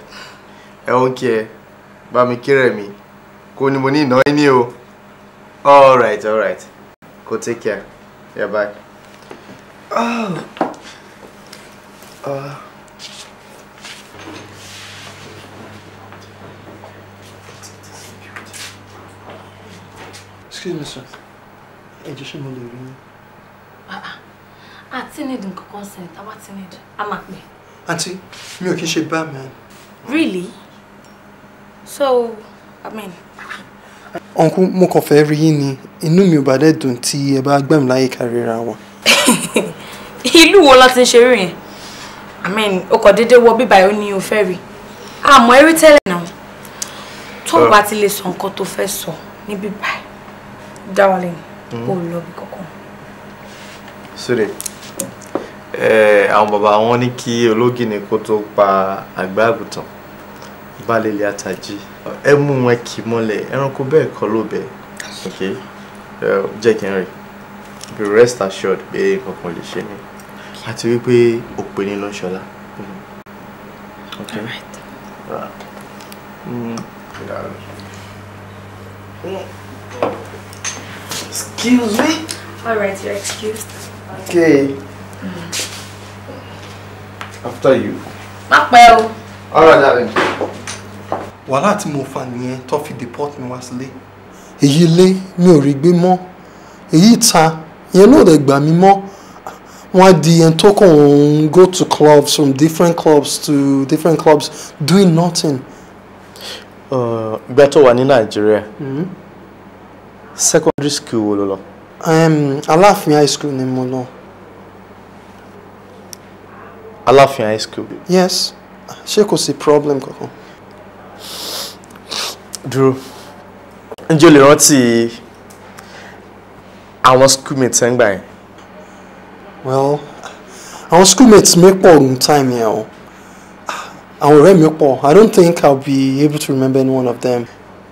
ẹ ó ń kí ẹ bá mi kí rẹ̀ mi kò ní mo ní ìná ní o alright alright go take care yeah bye. Oh. Uh. Excuse me, sir. Ẹ jẹ́ ṣé mo lè rí I Àti nídìí nǹkan kan sẹ́yìn, tá a bá ti nídìí, a máa pè é. Auntie, you ò kí ń ṣe bá mi. really so i mean. uncle, mo kàn fẹ́ rí yín ni inú mi bad at dẹ̀ dùn tí ẹ bá gbà mí láyè kárìíra wọn. ìlú wo la ti ń ṣe i mean o kàn they wọ bíbá ẹ ó ní o fẹ́ rí àmọ́ ẹ rí tẹ́lẹ̀ náà tó o bá ti lè sọ nǹkan tó fẹ́ darling Oh, mm-hmm. lọ bí kankan. sílẹ̀ àwọn bàbá wọn ní kí ológìní kó tó pa àgbà àgùntàn balẹ̀lẹ̀ àtàjì ẹ mú wọn kì í mọ́lẹ̀ ẹranko bẹ́ẹ̀ kọ́ ló bẹ̀ okay jẹ́ kí n rìn be rest assured pé nǹkan kan lè ṣe mí àti wípé òpè ní lọ́ṣọ́lá. Mm. Excuse me. All right, you're excused. Okay. Hmm. after you. má all right darling. wàhálà tí mo fà nìyẹn tó fi deport mi wá sílé èyí ilé mi ò rí gbé mọ́ èyí ta ìyẹn náà lè gbà mí mọ́ wọ́n di ẹni tó kàn go to clubs from different clubs to different clubs doing nothing. Uh, ìgbà tó wà ní Hmm. secondary school wo ló lọ. aláàfin high school ni mo lọ aláàfin high school. yes ṣé kò sí problem kankan. dúró ǹjẹ́ o lè rántí àwọn schoolmates ẹ̀ ń gbà yẹn. well àwọn schoolmates mi pọ̀ ní time yẹn o àwọn ọ̀rẹ́ mi pọ̀ i don't think i'll be able to remember any one of them.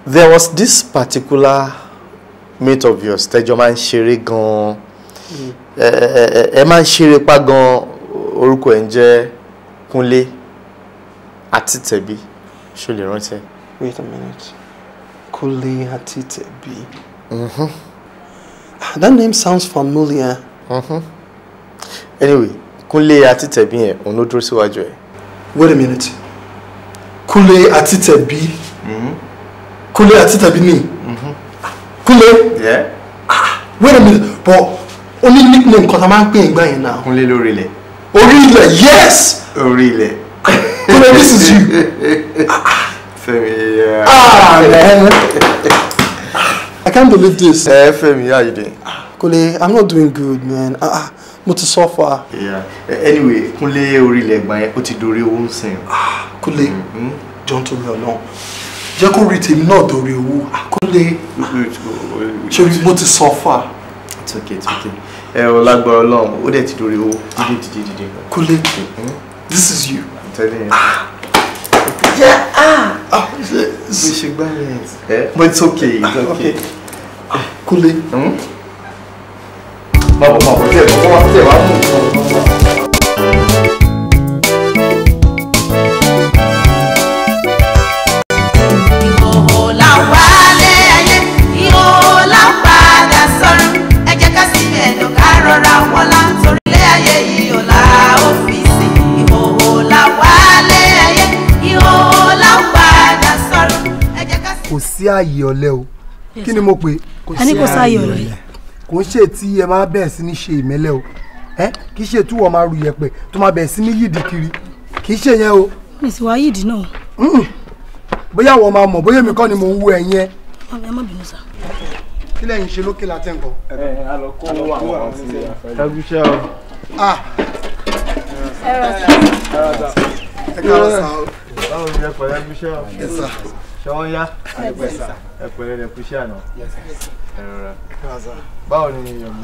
there was this particular mate of yours tẹjọ máa ń ṣeré gan-an hmm. ẹ máa ń ṣeré pa gan-an orúkọ ẹ̀ ń jẹ́ Kúnlé Àtìtẹ̀bí ṣó lè rántí wait a minute Kúnlé Àtìtẹ̀bí. Mm-hmm. that name sounds familiar. Mm-hmm. anyway Kúnlé Àtìtẹ̀bí yẹn òun ló dúró síwájú ẹ. wait a minute Kúnlé Àtìtẹ̀bí. Mm-hmm. Kúnlé Àtìtẹ̀bí ni. Mm-hmm. Kúnlé. Ah, wait a minute but ó ní nickname kan tá a máa ń pè é gbà yẹn náà. Kúnlé lórí ilẹ̀ orí ilẹ̀ yes. orí ilẹ̀. kúlẹ̀ this is you. Femi yeah. ah man I can't believe this. ẹ eh, Femi how you doing. Kúnlé I'm not doing good man ah, ah mo ti suffer. yeah eh, anyway Kúnlé orí ilẹ̀ ẹ̀gbọ́n yẹn ó ti dorí owó ń sìn. Ah, Kúnlé jọ́n tó mi ọ̀nà jẹ́ kó rí tèmi náà dorí owó ah, Kúnlé ṣe mo ti suffer. it's okay it's okay ẹ̀rọ lágbára ọlọ́run ó dẹ̀ ti dórí owó. dídé dídé dídé. kúlẹ̀ this is you. I'm telling you. Ah. Yeah, ah. Oh, we should buy But it's okay. It's okay. okay. Ah, Kule. Hmm? Baba, baba, tẹ baba, tẹ kò sí ààyè ọ̀lẹ o kí ni mo pè kò sí ààyè ọ̀lẹ kò ń ṣe tí ẹ máa bẹ̀rẹ̀ sí ní ṣe ìmẹ́lẹ́ o ẹ kì í ṣe tí wọ́n máa ru yẹ̀pẹ̀ tó máa bẹ̀rẹ̀ sí ní yídì kiri kì í ṣe yẹn o. mi sì wá yídì náà. bóyá àwọn máa mọ̀ bóyá èmi kọ́ ni mò ń wo ẹ̀yìn ẹ. ẹ má bínú sá. kí lẹ́yìn ṣe lókè láti nǹkan. ẹ alọ kó àwọn ọmọ sí i. ẹgúsẹ́ o. Ah. ẹ rọ sá. ẹ rọ sá. ẹ káàárọ̀ sá báwo ni ẹ pẹ̀lú ẹgúsẹ́ o. ẹ sá ṣọwọ́n yá ẹ pẹ̀lẹ́ rẹ̀ kú iṣẹ́ àná ẹ rọra báwo ni èèyàn mi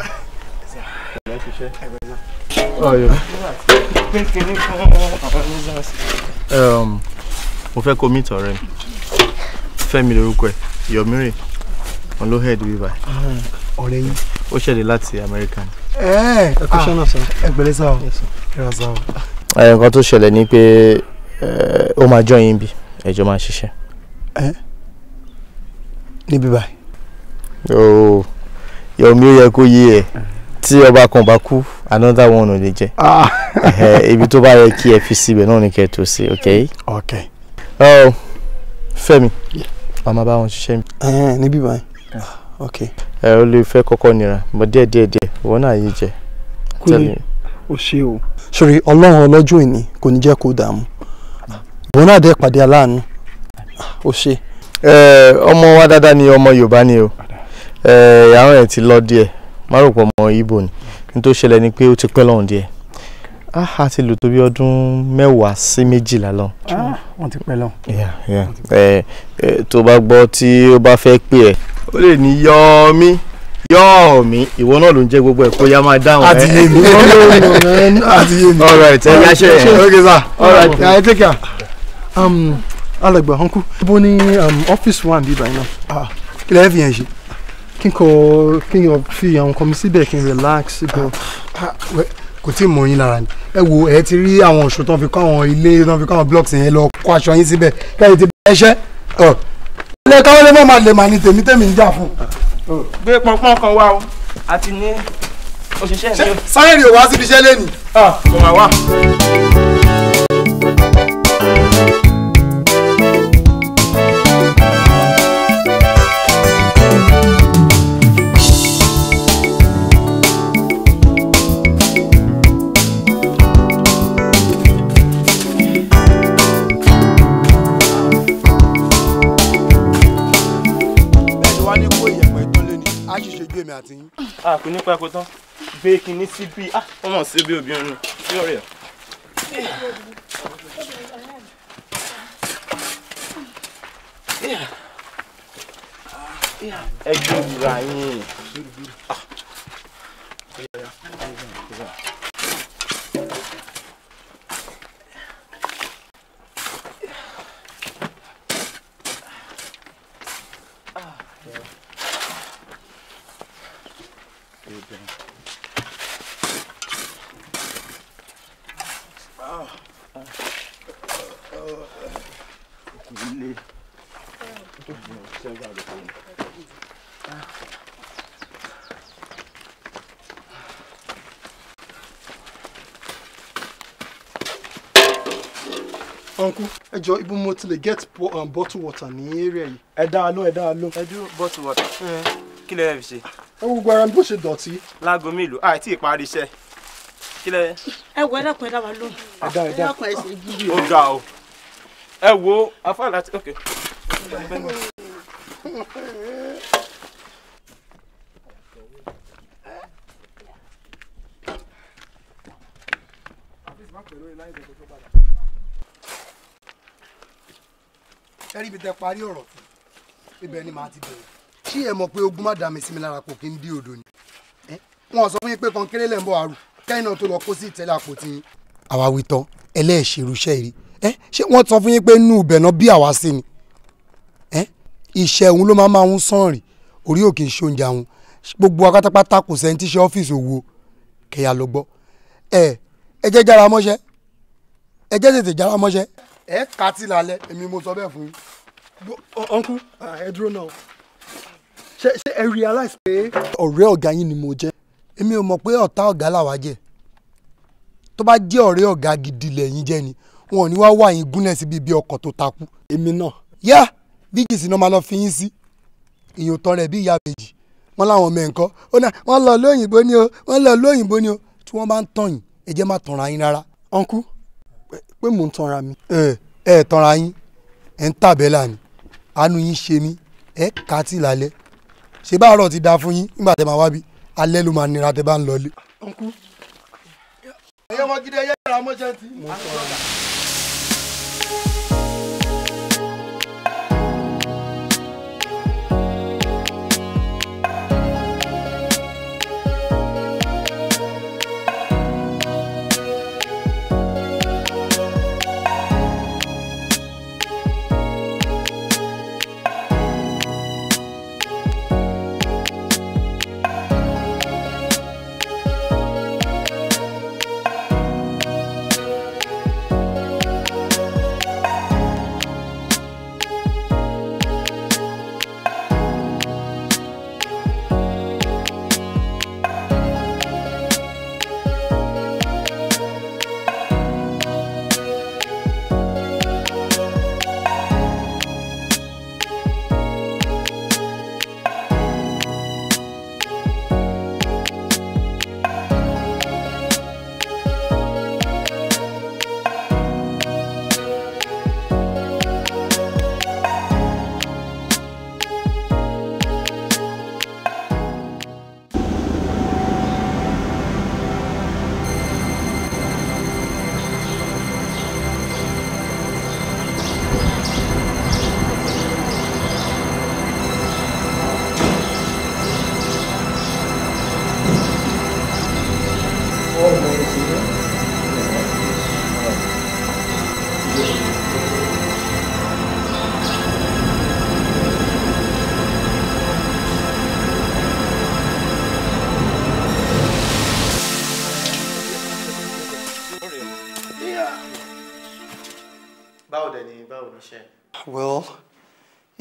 ẹ ṣiṣẹ́ ọyọ. Um, mo fẹ́ kó meet ọ̀rẹ́ mi Fẹ́mi lórúkọ ẹ̀ Yọ̀mírè wọn ló head river. Ah, ọ̀rẹ́ yín. ó ṣẹlẹ̀ láti Amẹ́ríkà ni. ẹ ẹ kó ṣọ́nà sọ ẹgbẹ̀rẹ́ sá o ìrà sá o. nǹkan tó ṣẹlẹ̀ ni pé ó máa join yín bí ẹjọ́ máa ṣiṣẹ́ ẹ níbí báyìí. ooo yomi ó yẹ kó yé ẹ tí ọba kan bá kú another one ò lè jẹ ah. ibi tó bá yẹ kí ẹ fi síbẹ̀ náà ni kẹ́ ẹ tó sí ok. ok. ọ Fẹ́mi màmá bá wọn ṣiṣẹ́ mi. ẹ báyìí ok. ẹ o lè fẹ́ kọ́kọ́ nira bọ díẹ̀ díẹ̀ díẹ̀ ìwọ náà yé jẹ. kúlẹ̀ o ṣe o. sori ọlọ́run ọlọ́jọ́ ìní kò ní jẹ́ kó dààmú ìwọ náà dẹ́ pàdé aláàánú o ṣe ọmọ wa dáadáa ni ọmọ yorùbá ni o àwọn ẹ̀ ti lọ díẹ̀ má rò pọ̀ ọmọ ibo ni n tó ṣẹlẹ̀ ni pé ó ti pẹ́ lọ́hùn díẹ̀ a ti lò tó bí ọdún mẹ́wàá sí méjìlá lọ. wọ́n ti pẹ́ lọ́hùn. tó bá gbọ́ tí ó bá fẹ́ pè ẹ́ ó lè ní yọ́ọ́mí yọ́ọ̀mí ìwọ náà ló ń jẹ́ gbogbo ẹ̀ kó yá máa dáhùn ẹ̀. àti yé mi àti yé mi. all right ẹ yá ṣe ẹ. ok sir all right take care. Um, alàgbà hanku ibo ni ọ́fíìsì wa ń bí báyìí náà ilẹ̀ ah. ẹ̀fì yẹn ṣe kí n kọ kí n fi àwọn nǹkan mi síbẹ̀ kí n relax gan. Ah, ah, kò tí ì mọ yín lára ni ẹ wo ẹ ti rí àwọn ọ̀ṣọ́ tó ń fi kọ́ àwọn ilé tó ń fi kọ́ àwọn blocks yẹn lọ kó aṣọ yín síbẹ̀ kẹ́yìn ti bẹ́ẹ̀ ṣẹ́ ilé káwọlé mọ́ máa lè mà ní tèmi tèmi ń jà fún. gbé pọnpọ́n kan wá o àti ní òṣìṣẹ́ mi. sáré rè wá síbi iṣẹ́ lẹ́nu. mo máa wà. àti yín. a kò ní pẹ́ tán bẹ́ẹ̀kì ní síbí ọmọ síbí obìnrin nù sí ọ̀rẹ́ ọ̀. ẹ gbé wura yín. e jọ ibumotile get um, bottle water ní area yìí. ẹ bottle water kí lè fi ṣe. ẹ gwara gbara ṣe dọ̀tí. láago mélòó àìtí ah, ìparí iṣẹ́ kí lè. ẹ wo ẹlẹ́kùn wa gidi. rí ibi tẹ parí ọ̀rọ̀ fún ibẹ̀ ni màá ti bẹ̀rẹ̀. ṣé ẹ mọ̀ pé ogun má dà mí sí mi lára kò kí n dí odò ni. wọn sọ fún yín pé kọ́ńkéré lẹ́ ń bọ̀ àrù kẹ́yìn náà tó lọ kó sí ìtẹ́lẹ̀ àpótí yín. àwa wí tán ẹlẹ́ẹ̀ṣẹ̀rúṣẹ́ rí ẹ ṣé wọ́n sọ fún yín pé inú ibẹ̀ náà bí àwa sí ni. iṣẹ́ òun ló máa máa ń sàn rì orí òkè ṣoúnjẹ àwọn gbogbo akátápátá kò sẹ́ni ọ́fíìsì òwò kẹ̀yà lọ gbọ́ ẹ ẹ jẹ́ jára mọ́ṣẹ́ ẹ jẹ́ tètè jára mọ́ṣẹ́ ẹ kà á ti lálẹ́ èmi mo sọ bẹ́ẹ̀ fún yín. ọ̀nkú ẹ dúró náà ṣe ṣe ẹ realize pé. ọ̀rẹ́ ọ̀gá yín ni mo jẹ́ èmi ò mọ̀ pé ọ̀tá ọ̀gá làwa jẹ́ tó bá jẹ́ ọ̀rẹ́ ọ̀gá gidi lẹ́yìn jẹ́ ni wọn ò ní wá wá yín gúnlẹ̀ síbi ibi ọkọ̀ tó takú. èmi náà. yá bí kìsì náà máa lọ fi yín sí ìyẹn tọrọ ẹ bí ìyá méjì wọn láwọn ọmọ ẹ nǹkan ó ná wọn lọ lóyìnbó ni o wọn lọ lóyìnbó ni o tí wọn bá ń tàn ẹ jẹ́ má tàn yín rárá. ọ̀nkú pé mò ń tanra mi. ẹ ẹ tanra yín ẹ ń tàbẹ́là ni àánú yín ṣe mí ẹ kà á tì lálẹ́ ṣé báàrọ̀ ti da fún yín nígbà tẹ máa wá bí alẹ́ ló máa nira tẹ bá ń lọlé. ẹyẹ ọmọ gidi ẹyẹ ìyára mọ́ṣẹ́ ti.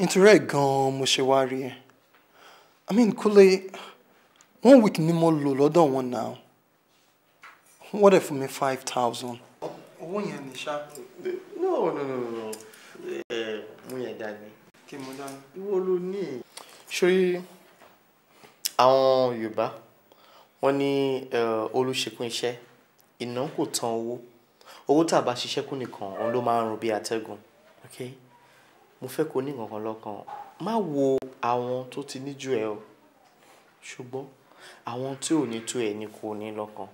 nítorí ẹ̀ gan-an mo ṣe wá rí ẹ i mean Kúnlé one week ni mo lò lọ́dọ̀ wọn now. wọ́n dẹ̀ fún mi five thousand. owó yẹn ni ṣá. no no no no no. mú yẹn dání. kí mo dání. ìwọ ló ní. ṣé àwọn Yorùbá wọ́n ní olùṣèkún iṣẹ́ iná kò tan owó owó tá a bá ṣiṣẹ́ kù nìkan òun ló máa ń rùn bí atẹ́gùn. Okay? mo fẹ́ kó ní nǹkan lọ́kàn má wo àwọn tó ti ní ju ẹ o ṣùgbọ́n àwọn tí ò ní tó ẹ ni kò ní lọ́kàn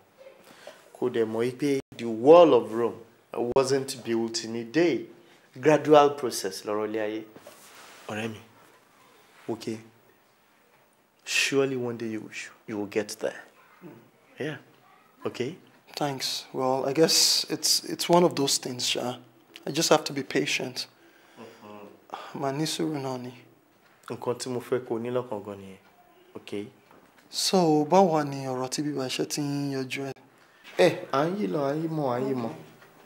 kò dẹ̀ mọ̀ pé the wall of Rome wasn't built in a day gradual process lọ́rọ̀ ilé ayé ọ̀rẹ́ mi okay surely one day you, you will get there yeah okay. Thanks. Well, I guess it's it's one of those things, Sha. I just have to be patient mà ní sùúrù náà ni. nǹkan tí mo fẹ́ kó ní lọ́kàn gan nìyẹn ok. so báwo ni ọ̀rọ̀ tí bíbá iṣẹ́ ti ń yanjú ẹ̀. ẹ à ń yí lọ à ń yí mọ à ń yí mọ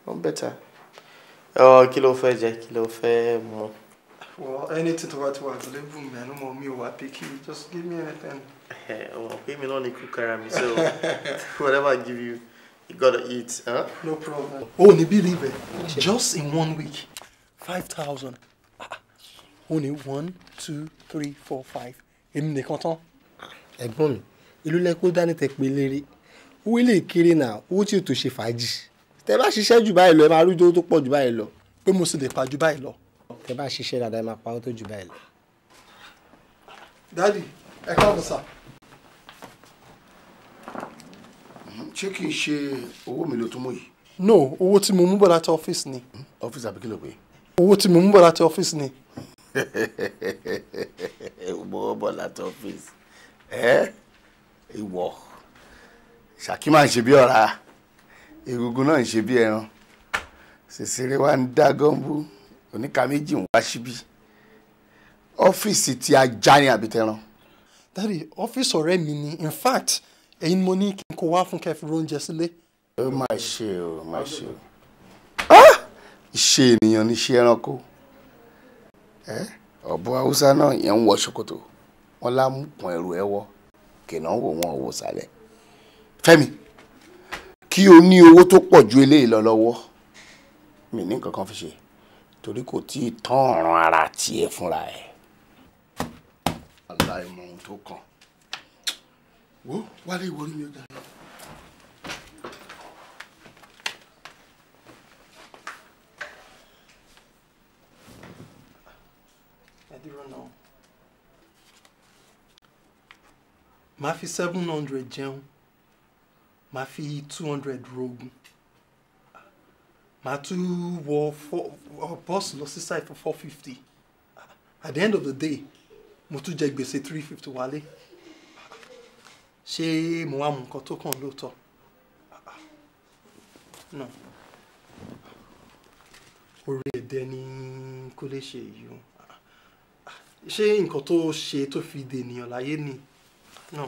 ó ń bẹ̀tà kí ló fẹ́ jẹ kí ló fẹ́ mu. well anything tó bá ti wà available man mo mi ò wá picky just give me anything. ọmọ pé mi náà ni kú kára mi so whatever I give you. You gotta eat, huh? No problem. Oh, Nibi, leave it. Just in one week. five thousand ó ní one two three four five èmi nìkan tán. ẹ̀gbọ́n mi ìlú lẹ́kọ́ dání tẹ pé léré owó ilé kéré náà owó tí o tó ṣe fàájì tẹ bá ṣiṣẹ́ jù báyìí lọ ẹ máa rí owó tó pọ̀ jù báyìí lọ. pé mo sì lè pa jù báyìí lọ. tẹ bá ṣiṣẹ́ dáadáa ẹ máa pa owó tó jù báyìí lọ. dádì ẹ káàbọ̀ sà. ṣé kì í ṣe owó mi ló tún mú yìí. no owó tí mo mú bọ̀ láti ọ́fíìsì ni. ọ́fíìsì àbíkí ló pé. owó tí mo mú bọ̀ láti ọ́fíìsì ni. mo wọ́ bọ̀ láti ọ́fíìsì ẹ́ ìwọ ṣàkí máa ń ṣe bí ọ̀ra egungun náà ń ṣe bí ẹran ṣèṣeré wa ń dá gọ́ǹbù oníka méjì ń wá síbí ọ́fíìsì ti ajá ni àbítẹ́ran. dáàdi ọ́fíìsì ọ̀rẹ́ mi ni in fact ẹ̀yin mo ní kí n kó wá fún kẹfì oúnjẹ sílé. ó máa ṣe o máa ṣe o. ṣe ènìyàn ní ṣe ẹranko ọ̀bọ haúsá náà yẹn ń wọ ṣòkòtò wọn lámùkùn ẹrù ẹ wọ kìnà wò wọn ò wò sálẹ̀ fẹ́mi kí o ní owó tó pọ̀ ju eléyìí lọ lọ́wọ́ mi ní nǹkan fi ṣe torí kò tí ì tán ọ̀ràn ara tiẹ̀ fúnra ẹ̀ aláìmọ̀ ohun tó kàn wọ́n wálé ìwọ mi ò dáná. dìrọ̀nà. màá fi seven hundred jẹun màá fi two hundred rogun màá tún wọ bọ́ọ̀sì lọ sí side for four fifty at the end of the day mo tún jẹ gbèsè three fifty wálé ṣé mo wá mú nǹkan no orí ẹ̀dẹ́ kule she you ṣé nǹkan tó ṣe tó fi dènìyàn láyé ni no.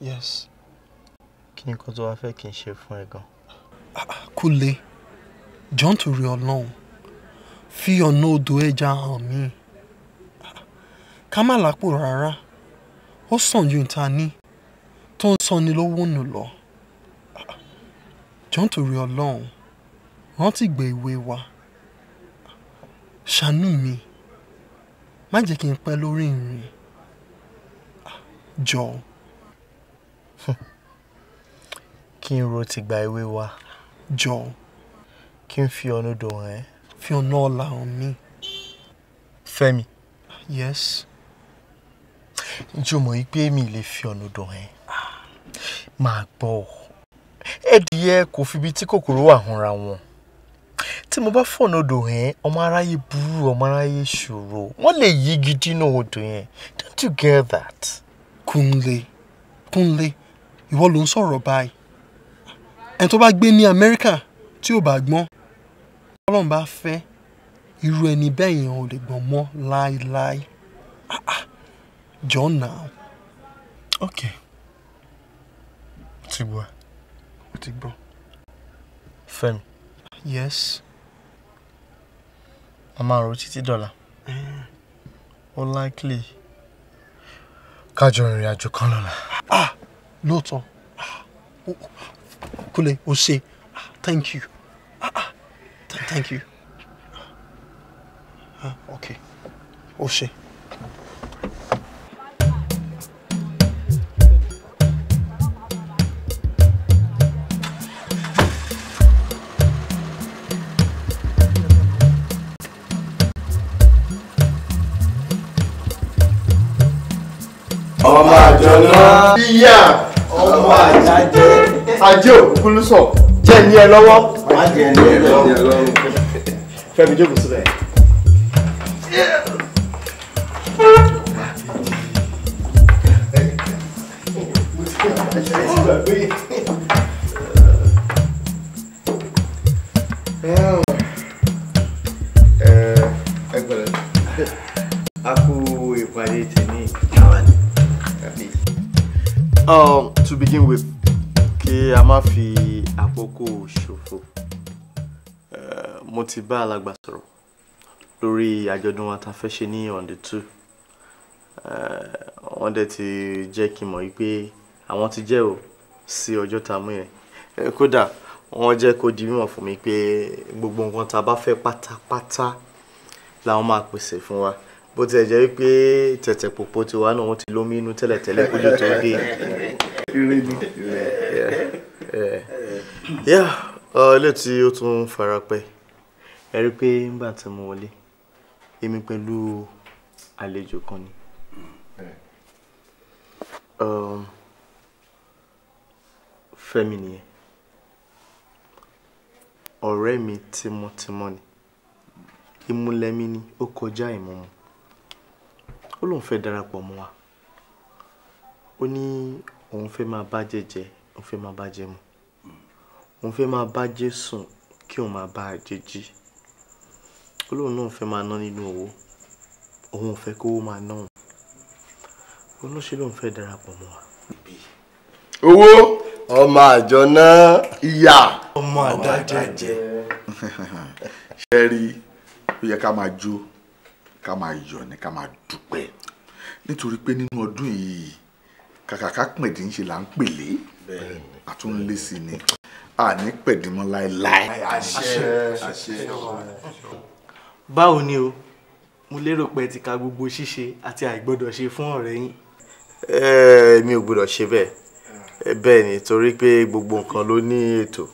yes kí ni nǹkan tó wá fẹ́ kí n ṣe fún ẹ gan. Ah, Kúnlé John torí Ọlọ́run fi ọ̀nà odò ẹja hàn mí ká má lápò rárá ó sàn ju ìta ní tó ń sanni lówó nù lọ ah, John torí Ọlọ́run rántí gbé ìwé wa ṣàánú mi má jẹ́ kí n pẹ́ lórí ìrìn ah, jọ. kí n ro tìgbà èwe wa. jọ. kí n fi ọ̀nà dùn ẹ́. fi ọ̀nà ọ̀la hàn mí. Fẹ́mi. yes. jọmọ ìgbé mi lè fi ọ̀nà dùn ẹ́ ah, máa gbọ́ ọ ẹ̀dìyẹ kò fi ibi tí kòkòrò wà hànra wọn tí mo bá fọ̀nà odò yẹn ọmọ aráyé burú ọmọ aráyé ṣòro wọ́n lè yí gidi náà odò yẹn don't you get that. Kunle Kunle ìwọ ló ń sọ̀rọ̀ báyìí ẹni tó bá gbé ní Amẹ́ríkà tí ò bá gbọ́n Ọlọ́run bá fẹ́ irú ẹni bẹ́ẹ̀ yẹn ò lè gbọ́n mọ́ láéláé ah, ah, John now. ok ó ti gbọ́ ó ti gbọ́ Fẹ́mi. Yes. A máa ro títí Unlikely. Ó likely ká Ah! Lóòótọ́. Ah! Kúnlẹ̀ o ṣe. Ah! Thank you. Ah! Th thank you. Ah, okay. O àjọ̀lọ́. ìyá ọmọ àjàjẹ. ajé òkúlùsọ̀ jẹ́ ní ẹ lọ́wọ́. má jẹ́ ní ẹ lọ́wọ́. fẹ́mi jókòó sílẹ̀. Yeah. um, to begin with kí a má fi àkókò ṣòfò uh, mo ti bá alàgbà sọ̀rọ̀ lórí àjọ̀dún wa ta fẹ́ ṣe ní on the uh, wọ́n dẹ̀ ti jẹ́ kí n mọ̀ wípé àwọn ti jẹ́ o sí ọjọ́ tá a mú yẹn uh, kódà wọ́n jẹ́ kó di mímọ̀ fún mi pé gbogbo nǹkan tá a bá fẹ́ pátápátá làwọn máa pèsè fún wa bó ti ẹ̀ jẹ́ pé tẹ̀tẹ̀ pòpò tiwa náà wọ́n ti lómi inú tẹ́lẹ̀tẹ́lẹ̀ kó lè tó dé. yá ilé tí ó tún farapẹ́ ẹ rí i pé nígbà tí mo wọlé èmi pẹ̀lú àlejò kan ni. Fẹ́mi nìyẹn ọ̀rẹ́ mi tímọ́tímọ́ ni ìmúlẹ̀mí ni ó kọjá ìmọ̀mọ́ ó lóun fẹ́ darapọ̀ mọ́ wa ó ní òun fẹ́ máa bá jẹjẹ òun fẹ́ máa bá jẹ mu òun fẹ́ máa bá jẹ sùn kí òun máa bá jẹ jí ó lóun náà fẹ́ máa ná nínú owó òun ò fẹ́ kówó máa ná òun òun ló ṣe lóun fẹ́ darapọ̀ mọ́ wa. owó ọmọ àjọ náà ìyá ọmọ àdájẹ ṣẹ́rí ó yẹ ká máa jó ká máa yọ̀ ni ká máa dúpẹ́ nítorí pé nínú ọdún yìí kàkà ká pẹ̀dín ṣe là ń pèlé àtúnlé sí ni a ní pẹ̀dín mọ́ láéláé. báwo ni o mo lérò pé ti ka gbogbo ṣíṣe àti àìgbọ́dọ̀ ṣe fún ọ̀rẹ́ yín. Eh, mi ò gbọ́dọ̀ ṣe bẹ́ẹ̀ eh, bẹ́ẹ̀ ni torí pé gbogbo nǹkan ló ní ètò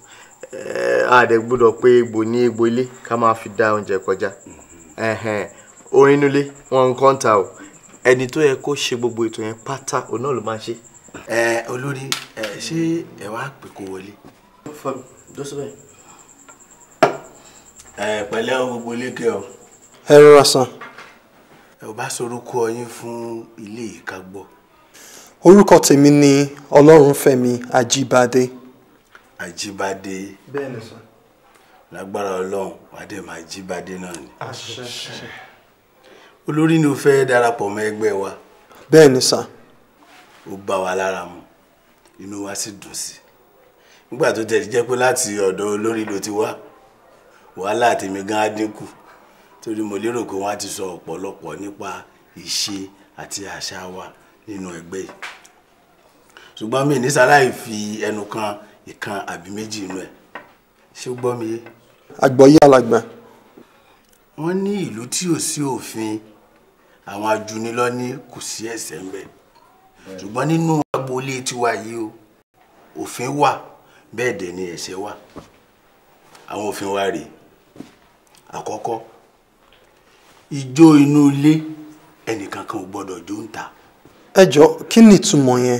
eh, a dẹ̀ pé egbò ní egbò ilé ká máa fi dá oúnjẹ kọjá orin inú ilé wọn ń ta o ẹni tó yẹ kó ṣe gbogbo ètò yẹn pátá òun náà ló máa ṣe. ẹ olórí ẹ ṣé ẹ wá pè kó wọlé. ẹ pẹ̀lẹ́ o gbogbo lékè o. ẹ rọra san. ẹ ò bá sorúkọ yín fún ilé ìkagbọ. orúkọ tèmi ni ọlọ́runfẹ́mi ajíbádé. ajíbádé. bẹ́ẹ̀ ni sọ. lágbára ọlọ́run wàá dé máa jíbádé náà ni. àṣẹ olórí ni o fẹ́ darapọ̀ mọ́ ẹgbẹ́ wa. bẹ́ẹ̀ ni sà. ó bá wa lára mu inú wa sì dùn sí i nígbà tó tẹ̀lé jẹ́ pé láti ọ̀dọ̀ olórí ló ti wá wàhálà tèmi gan á dínkù torí mo lérò pé wọ́n á ti sọ ọ̀pọ̀lọpọ̀ nípa ìṣe àti àṣà wa nínú ẹgbẹ́ yìí ṣùgbọ́n mi ní sáláì fi ẹnu kan ìkan àbí méjì inú ẹ̀ ṣé ó gbọ́ mi yé. àgbọ̀yé alàgbà. wọ́n ní ìlú tí ò sí òfin àwọn ajunilọ ní kò sí ẹ̀ṣẹ̀ ń bẹ ṣùgbọ́n nínú agboolé tiwa yìí o òfin wà bẹ́ẹ̀ dẹ̀ ni ẹ̀ṣẹ̀ wà àwọn òfin wa rèé àkọ́kọ́ ijó inú ilé ẹnìkankan ò gbọ́dọ̀ jó ń ta. ẹ jọ kí ni ìtumọ̀ yẹn.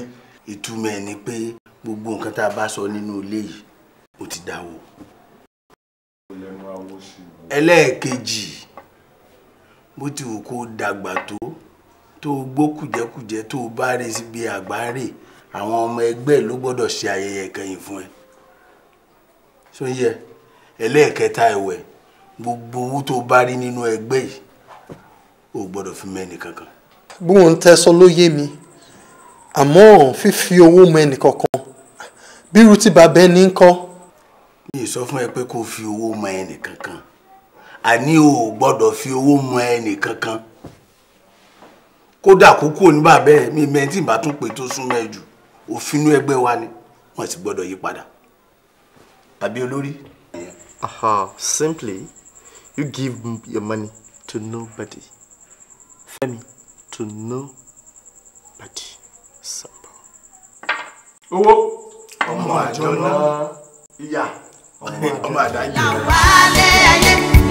ìtumọ̀ ẹ̀ ni pé gbogbo nǹkan tá a bá sọ nínú ilé yìí ó ti dáwọ́. ẹlẹ́ẹ̀kejì bó ti wù kó dàgbà tó tó gbó kùjẹ́kùjẹ́ tó bá rè síbi àgbáre àwọn ọmọ ẹgbẹ́ ló gbọ́dọ̀ ṣe ayẹyẹ kẹyìn fún ẹ sóyẹ ẹlẹ́ẹ̀kẹta ẹ̀wẹ̀ gbogbo owó tó bá rí nínú ẹgbẹ́ yìí ò gbọ́dọ̀ fi mẹ́ni kankan. bí wọ́n ń tẹ́sọ ló yé mi àmọ́ fífi owó mẹ́ni kankan bírú tí bàbá ẹni ń kọ́. mi ì sọ fún ẹ pé kó o fi owó mọ ẹnì kankan àní o ò fi owó mọ ẹnì kankan kódà kókó ní bàbá ẹ mi mẹ́tì bá tún pè tó súnmọ́ ẹ jù òfin inú ẹgbẹ́ wa ni wọ́n ti gbọ́dọ̀ yí padà tàbí olórí. simply you give your money to nobody Femi to nobody simple. owó ọmọ àjọ náà ìyá ọmọ àdájọ. làwọn alẹ́ ayé mi.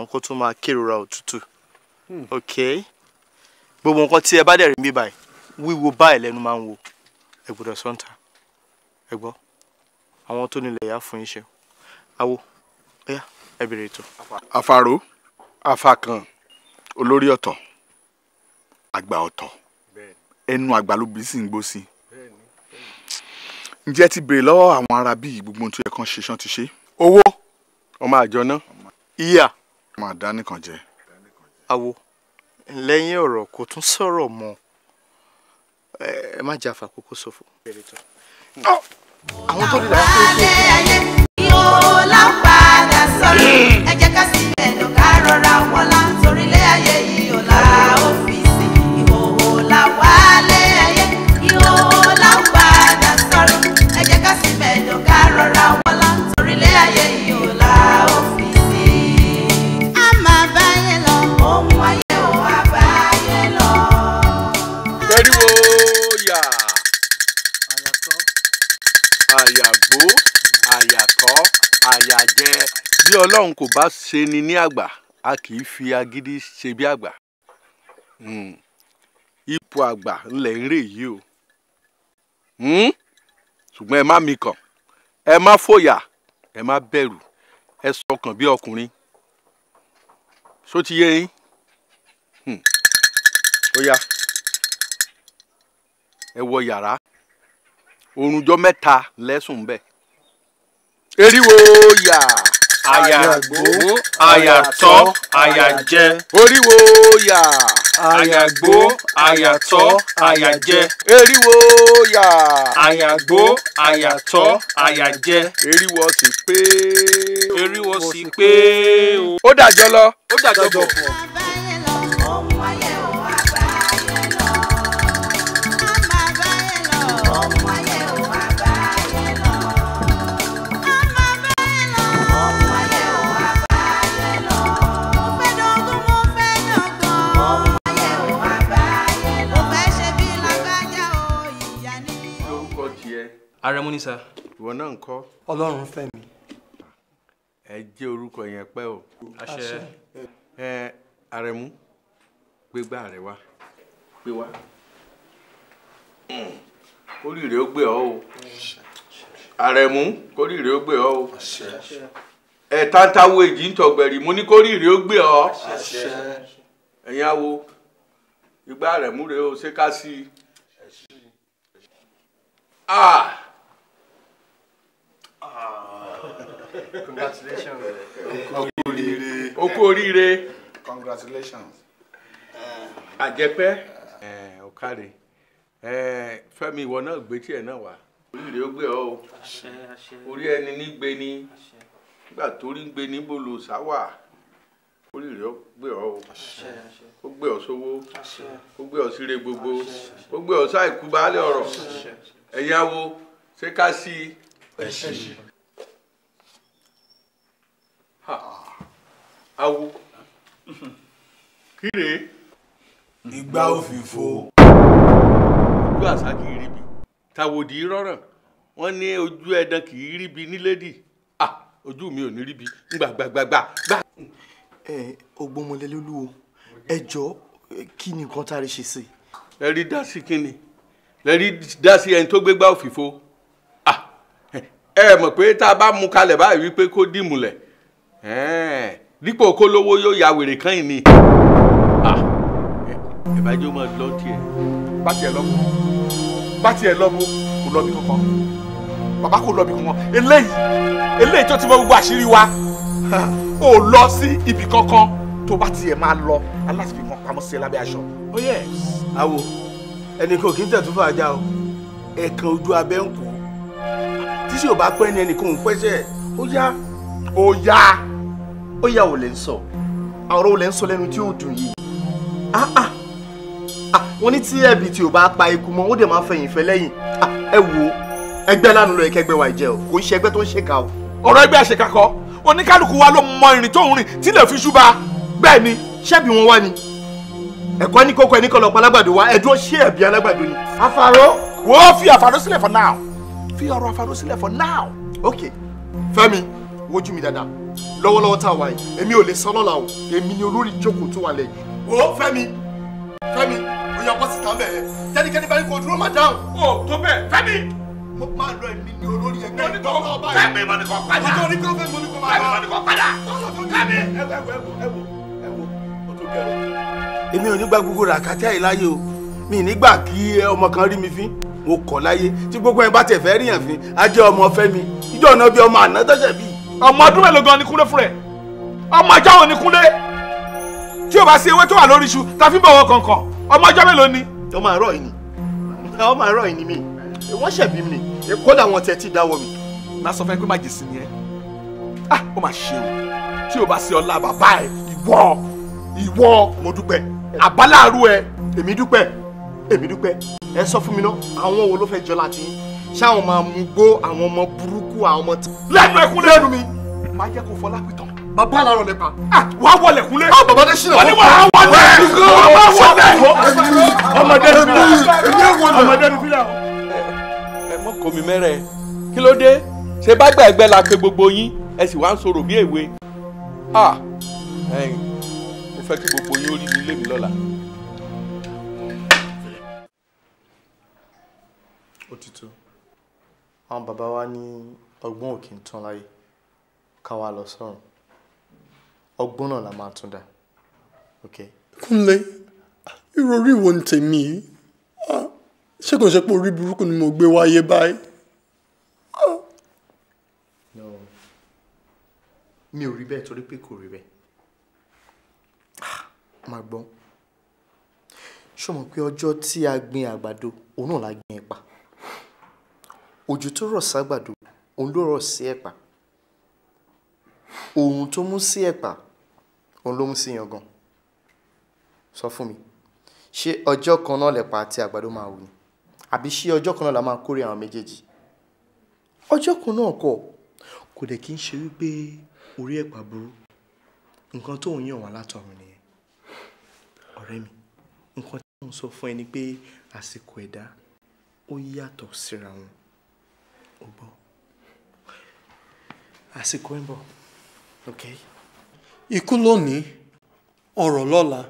àìsàn kó tún máa kérora òtútù ok gbogbo nǹkan tí ẹ bá dẹ̀ rí mi báyìí wíwo báyìí lẹ́nu máa ń wo ẹ gbọ́dọ̀ sọ́ńtà ẹ gbọ́ àwọn tó nílẹ̀ yá fún yín ṣe awo ẹyà ẹ bèrè ètò. afaro afakan olórí ọ̀tọ̀ àgbà ọ̀tọ̀ ẹnu àgbà ló bí sí ń gbó sí ǹjẹ́ ti bèrè lọ́wọ́ àwọn ará bíi gbogbo ohun tó yẹ kán ṣe ṣán ti ṣe owó ọmọ àjọ náà ìyá máa dá nìkan jẹ. awo lẹ́yìn ọ̀rọ̀ kò tún sọ̀rọ̀ mọ́ ẹ má jà fàkókò ṣòfò. àwọn tó lè dá sí i. ọ̀làpadà sọ̀rọ̀ ẹ̀jẹ̀ àyà jẹ bí ọlọ́run kò bá ṣe ni ní àgbà a kì í fi agídí ṣe bí àgbà hmm. ipò àgbà ńlẹ̀ ń rè yìí o hmm? ṣùgbọ́n ẹ má mi kàn ẹ má fòyà ẹ má bẹ̀rù ẹ sọkàn bí ọkùnrin ṣó yín hmm. ó ẹ wọ yàrá oorunjọ́ mẹ́ta lẹ́sùn bẹ́ẹ̀ eriwo yà. àyàgbó àyàtọ̀ àyàjẹ. oríwo yà. àyàgbó àyàtọ̀ àyàjẹ. eriwo yà. àyàgbó àyàtọ̀ àyàjẹ. eriwo sì pé. eriwo sì pé. ó dàjọ lọ. ó dàjọ bọ̀. Àrẹ̀mú ni sà. ìwọ náà ń kọ́. ọlọ́run fẹ́ mi. ẹ jẹ́ orúkọ yẹn pẹ́ o. àṣẹ. ẹ Àrẹ̀mú gbégbá rẹ wá. gbé wá. kórìíre ó gbé ọ o. Àrẹ̀mú kórìíre ó gbé ọ o. ẹ tántàwọ èjì ń tọgbẹ̀rì mo ní kórìíre ó gbé ọ. ẹ̀yin awo igbá Àrẹ̀mú rèé o ṣé ká sí i. ah. congratulations. okoríire. okoríire. congratulations. Uh, àjẹpẹ́. ẹ ò káre ẹ Fẹ́mi ìwọ náà gbé tiẹ̀ náà wá. oríire ó gbé ọ o orí ẹni ní gbé ni nígbà tó rí gbé níbo lò sáwà oríire ó gbé ọ o ó gbé ọ sówó ó gbé ọ síre gbogbo ó gbé ọ sáìkú baálé ọ̀rọ̀ ẹ̀yáwó ṣé ká sí i awo kíre. ìgbà òfìfo. ojú àṣà kì í ríbi tàwòdì rọrùn wọn ní ojú ẹdán kì í ríbi nílédì ojú mi ò ní ríbi gbàgbàgbàgbà. ẹ ògbómọlélólúwo ẹ jọ kí ni nǹkan tá a lè ṣe sí i. ẹ rí dá sí kínni lè rí dá sí ẹni tó gbégbá òfìfo ẹ mọ̀ pé tá a bá mú kalẹ̀ báyìí wípé kó dìmùlẹ̀ dípò kó lówó yóò ya wèrè kan yìí ni ìbàjẹ́ ah, ọmọ lọ tiẹ̀. bá tiẹ̀ lọ bọ́ bá tiẹ̀ lọ bọ́ kò lọ bí kankan bàbá kò lọ bí kankan eléyìí eléyìí tó ti mọ gbogbo àṣírí wa ò lọ sí ibì kankan tó bá tiẹ̀ máa lọ aláṣẹfì kan sí ẹ lábẹ́ aṣọ. oh yes. àwo ẹnì kan kì í tẹ̀tún fàájà o ẹ̀kan ojú abẹ́ ń kú tíṣe ò bá pẹ́ ni ẹnì kan ò ń pẹ́ṣẹ̀ ó yá ó yá ó yà wò lè ń sọ ọ̀rọ̀ lè ń sọ lẹ́nu tí ó dùn yìí ah, ah. Ah, wọ́n ní tí ẹ̀bì tí ò bá pa ikú mọ́ ó dẹ̀ máa fẹ̀yìn fẹ́ lẹ́yìn ẹ wo ẹgbẹ́ lánàá lọ ẹ̀kẹ́gbẹ́ wa ìjẹ́ o kò ń ṣe ẹgbẹ́ tó ń ṣèkà o. ọ̀rọ̀ ẹgbẹ́ àṣekà kọ́ oníkálukú wa ló mọ ìrìn tó ń rìn tí lè fi ṣúba bẹ́ẹ̀ ni ṣẹ́bi wọn wá ni ẹ̀kọ́ ní kókó ẹ̀ ní kọ́ alágbàdo wa ẹ̀dúró ṣé ẹ̀bí alágbàdo ni. àfàró. wo fi now fi ọ̀rọ̀ àfàró sílẹ̀ for now. ok Fẹ́mi wojú mi dáadáa lọ́wọ́lọ́wọ́ tá a wà yìí èmi ò lè san lọ́la o èmi ni olórí ìjókòó tó wà lẹ́yìn. o Fẹ́mi Fẹ́mi o yà bọ síta bẹ́ẹ̀ jẹnikẹni bá yẹ kó dúró máa dáhùn. o tó bẹ́ẹ̀ Fẹ́mi. mo máa lọ èmi ni olórí ẹgbẹ́ mi tó lọ báyìí. Fẹ́mi mo ní kọ padà Fẹ́mi mo ní kọ padà Fẹ́mi mo ní kọ padà Fẹ́mi ẹwọ ẹwọ ẹwọ ẹwọ ẹwọ o tó kẹrọ. èmi ò ní gba gbogbo ràkàtà yìí láyé o mi ì ní gbà kí ọmọ kan rí mi fín mo kọ̀ láyé tí gbogbo ẹ̀ bá tẹ̀ fẹ́ ríyàn fín á jẹ́ ọmọ Fẹ́mi ìjọ ọ̀nà bíi ọmọ àná tọ́ṣẹ̀ bíi ọmọ ọdún mélòó gan ni kúnlé fún rẹ ọmọ ọjọ́ wo ni kúnlé tí o bá sí ewé tó wà lórí iṣu tàfi bọ̀wọ̀ kọ̀ọ̀kan ọmọ ọjọ́ mélòó ni. ọmọ àárọ̀ yìí ni ọmọ àárọ̀ yìí ni mi wọ́n ṣẹ̀bi mi kódà wọn tẹ̀ tí dáwọ́ mi. má sọ fún ẹ pé má jèsì ni ẹ ah ó mà ṣe o tí o bá sí ọlá bàbá ẹ ìwọ ìwọ mo dúpẹ́ àbáláàrú ẹ èmi dúpẹ́ èmi dúpẹ́ ẹ sọ fún mi náà àwọn wo ló fẹ́ jọ láti yín ṣáwọn máa mú gbó àwọn ọmọ burúkú àwọn ọmọ tí. lẹ́nu ẹkún lẹ́nu mi máa jẹ́ kó fọlá pìtàn bàbá àlárọ̀ lẹ́pa. wàá wọlé kúnlé. ọ bàbá dé sílẹ̀. wọ́n ní wàá wọlé. wàá wọlé. ọmọdé ní filẹ̀ ọmọdé ní filẹ̀. ẹ mọ kò mí mẹ́rẹ̀ kí ló dé ṣe bá gbẹ̀gbẹ́ la pe gbogbo yín ẹ sì wá ń sọ̀rọ̀ bí èwe. mo fẹ́ kí gbogbo yín ó rí mi lé mi lọ́la. àwọn bàbá wa ní ọgbọ́n òkè ń tán láyé ká wá lọ sọ́run ọgbọ́n náà la máa tún dá ok. kúnlẹ̀ ìròrí wo ni tèmi yìí ṣé kò ń ṣe pé orí burúkú ni mo gbé wáyé báyìí. mi ò rí bẹ́ẹ̀ torí pé kò rí bẹ́ẹ̀ ah, máa gbọ́n ṣó mọ̀ pé ọjọ́ tí a gbin àgbàdo òun náà la gbin ẹ̀pà. òjò tó rọ̀ ságbàdo òun ló rọ̀ sí ẹ̀pà òun tó mú sí ẹ̀pà òun ló mú sí yangan sọ fún mi ṣé ọjọ́ kan náà lẹ̀pà àti àgbàdo máa wù ní àbí ṣé ọjọ́ kan náà la máa kórè àwọn méjèèjì ọjọ́ kan náà kọ̀ kò dẹ̀ kí n ṣe wípé orí ẹ̀pà burú nǹkan tó ń yàn wá látọ̀run nìyẹn ọ̀rẹ́ mi nǹkan tí mo sọ fún ẹ ni pé àsìkò ẹ̀dá ó yàtọ̀ síra wọn ó gbọ́ àsìkò ń bọ̀ ok ikú lónìí ọ̀rọ̀ lọ́la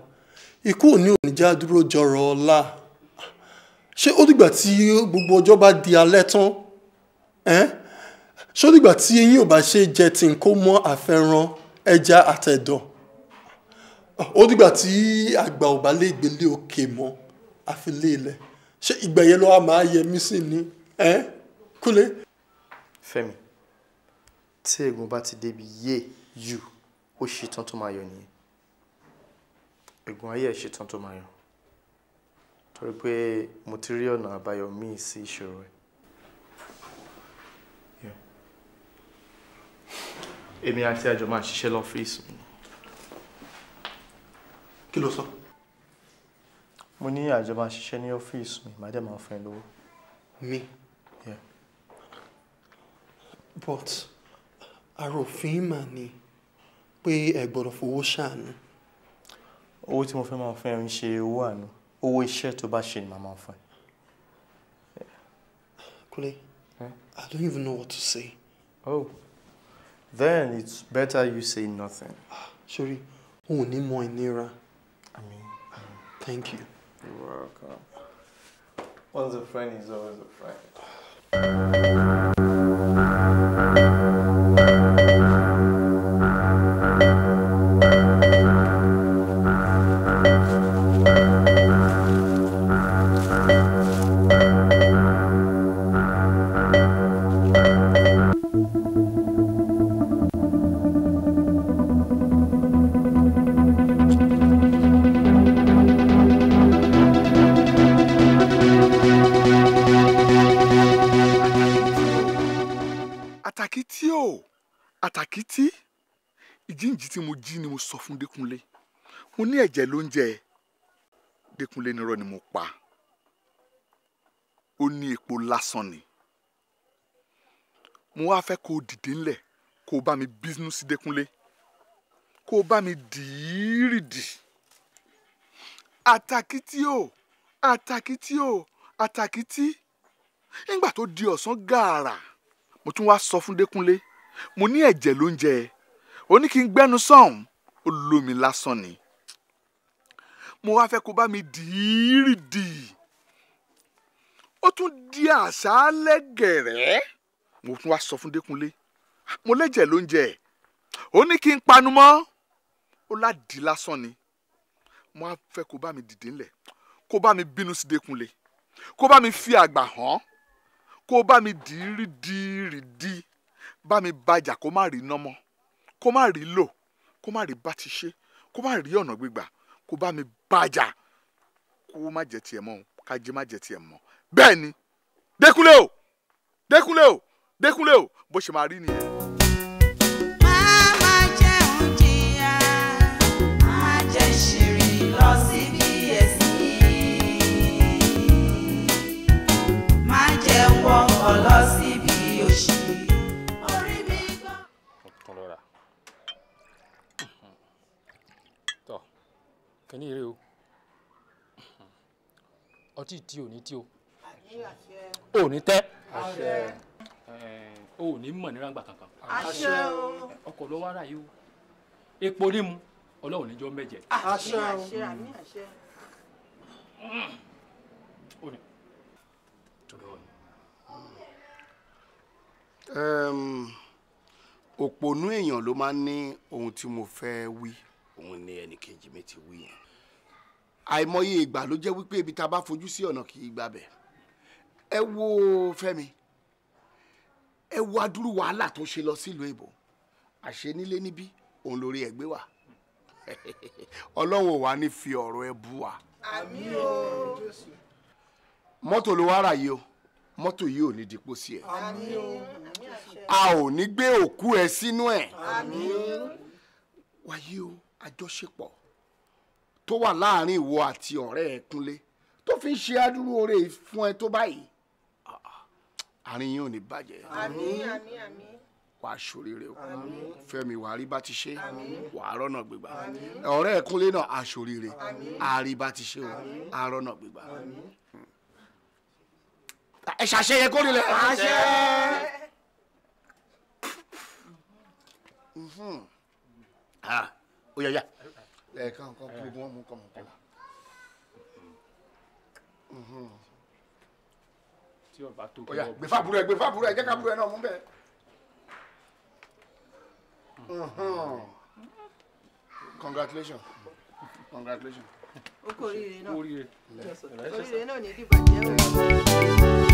ikú òní òní já dúró jọrọ̀ ọ̀la ṣé ó dìgbà tí gbogbo ọjọ́ bá di alẹ́ tán ṣé ó dìgbà tí eyín ò bá ṣe jẹ tí n kó mọ́ àfẹ́ràn ẹja àtẹ̀dọ̀ ó dìgbà tí àgbà ò bá lè gbélé òkè mọ́ àfi lé ilẹ̀ ṣé ìgbà yẹn ló máa yẹ mí sí ni. Eh? Kúnlé. Fẹ́mi tí egun bá ti débi yé yù ó ṣetán tó máa yọ nìyẹn egun ayé ẹ̀ ṣetán tó máa yọ torí pé mo ti rí ọ̀nà àbáyọ míì sí ìṣòro ẹ̀. èmi àti àjọ máa ṣiṣẹ́ lọ́fíìsì mi. kí ló sọ. mo ní àjọ máa ṣiṣẹ́ ní ọ́fíìsì mi màá dẹ̀ máa fún ẹ lówó. mi. Mm but aròfin mà ni pé ẹ gbọ́dọ̀ fowó ṣàánú. owó tí mo fẹ́ máa fún ẹ ń ṣe owó àánú owó iṣẹ́ tó bá ṣe ni màá máa fún Kule, hm? I don't even know what to say. Oh, then it's better you say nothing. Ah, Sorry, oh, ni mo ìnira. I mean, thank you. You're welcome. Once a friend is always a friend. Thank you. jí ni mo sọ fún Dékúnlé mo ní ẹ̀jẹ̀ ló ń jẹ Dékúnlé nírọ́ ni mo pa ó ní epo lásán ni mo wá fẹ́ kó o dìde ńlẹ̀ kó o bá mi bínú sí Dékúnlé kó o bá mi dìírìdì àtàkìtì o àtàkìtì o àtàkìtì nígbà tó di ọ̀sán gààrà mo tún wá sọ fún Dékúnlé mo ní ẹ̀jẹ̀ ló ń jẹ ó ní kí n gbẹ́nu sọ̀hún ó lómi lásán ni mo wá fẹ́ kó bá mi dìírì dì ó tún di àṣálẹ́ gẹ̀rẹ́ mo tún wá sọ fún Dékúnlé mo lẹ́jẹ̀ ló ń jẹ kí n panu mọ́ ó ládi lásán ni mo wá fẹ́ kó bá mi dìde ńlẹ̀ kó bá mi bínú sí Dékúnlé kó bá mi fi àgbà hàn kó bá mi dìírì dìírì bá mi bàjà kó má rí iná mọ́ kó má rí lò kó má rí bá ti ṣe kó má rí ọ̀nà gbígbà kó bá mi bàjà kó má jẹ tiẹ̀ mọ́ kájí má jẹ tiẹ̀ mọ́ bẹ́ẹ̀ ni Dékúnlé o Dékúnlé o Dékúnlé o bó ṣe máa rí nìyẹn. máma jẹun kìnní rèé o ọtí tí o ní tí o ò ní tẹ́ o ò ní mọ̀ ní ráńgbà kankan ọkọ̀ lọ́wọ́ ara yìí o epo ní mu ọlọ́run níjọ́ mẹ́jẹ. àṣẹ àṣẹ òní tọ̀dọ̀ òní. òpònú èèyàn ló máa ń ní ohun tí mo fẹ́ wí. Oui òun ni ẹnìkejì mi ti wí yẹn àìmọye ìgbà ló jẹ́ wípé ibi tá a bá fojú sí ọ̀nà kì í gbabẹ̀ ẹ wo Fẹ́mi ẹ wo adúrú wàhálà tó ṣe lọ sílùú èbó àṣẹ nílé níbí òun lórí ẹgbẹ́ wa ọlọ́run ò wá fi ọ̀rọ̀ ẹ bú wa. àmín o. mọ́tò ló wá rà yìí o mọ́tò yìí ò ní dipò sí ẹ. àmín o. a ò ní gbé òkú ẹ sínú ẹ. àmín o. wàyí o àjọṣepọ̀ tó wà láàrin ìwọ àti ọ̀rẹ́ ẹ Kúnlé tó fi ń ṣe adúrú oore fún ẹ tó báyìí àárín yín ò ní bàjẹ́. àmín àmín àmín wàá ṣoríire o fẹmi wàá rí bá ti ṣe wàá rọnà gbígbà ọ̀rẹ́ ẹ Kúnlé náà aṣoríire àárí bá ti ṣe o àárọnà gbígbà. ẹ ṣàṣeyẹ kó nílẹ̀. àṣẹ. Ah. Oh yeah, yeah. ẹ come, come, come. Come wọn come kàn mú kàn wá. Mhm. tí ọba tó kí wọn. gbèfà burú ẹ gbèfà burú ẹ jẹ́ ká burú ẹ náà mú bẹ́ẹ̀. Mhm. congratulations congratulations. ó kórìíre náà kórìíre náà ní ìdìbò jẹ́ òun.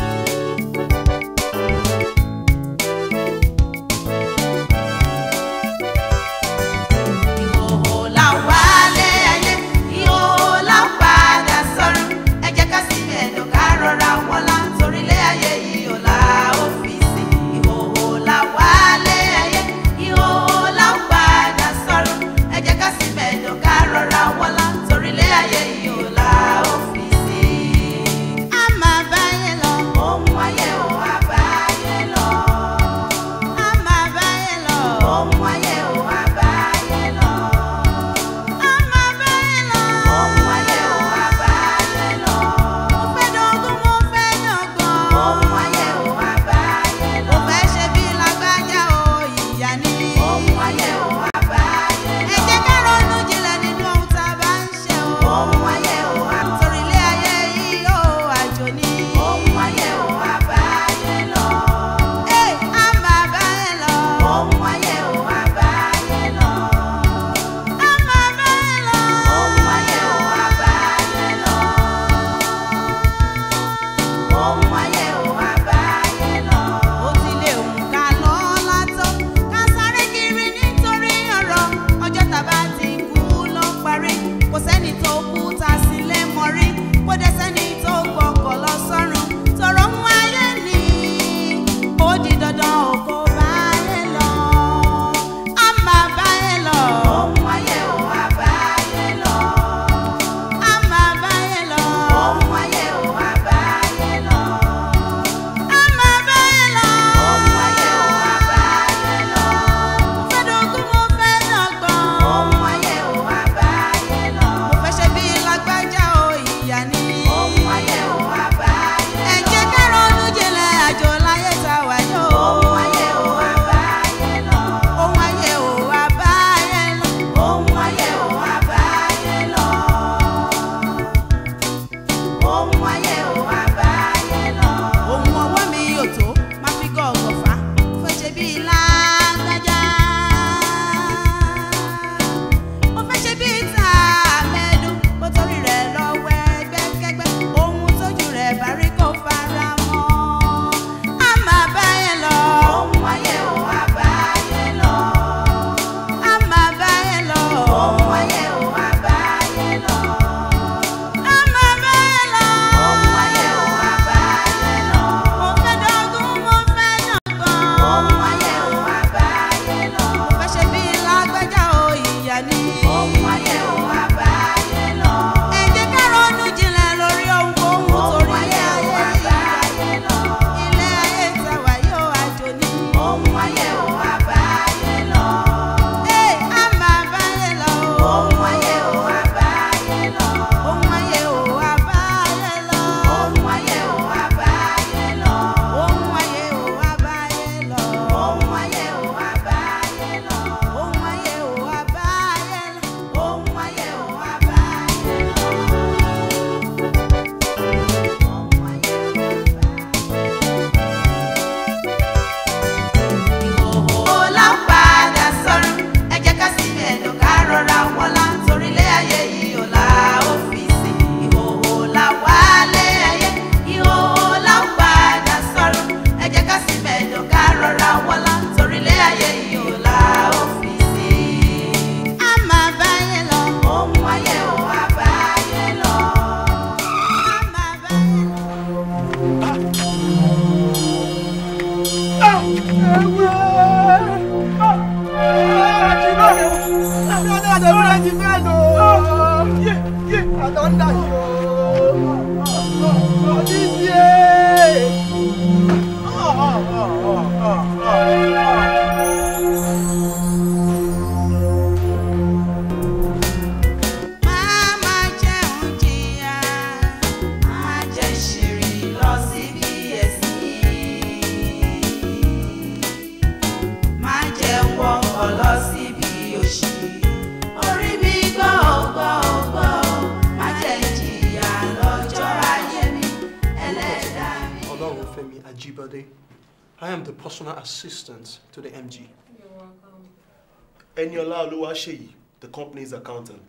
Oluwaseyi, the company's accountant.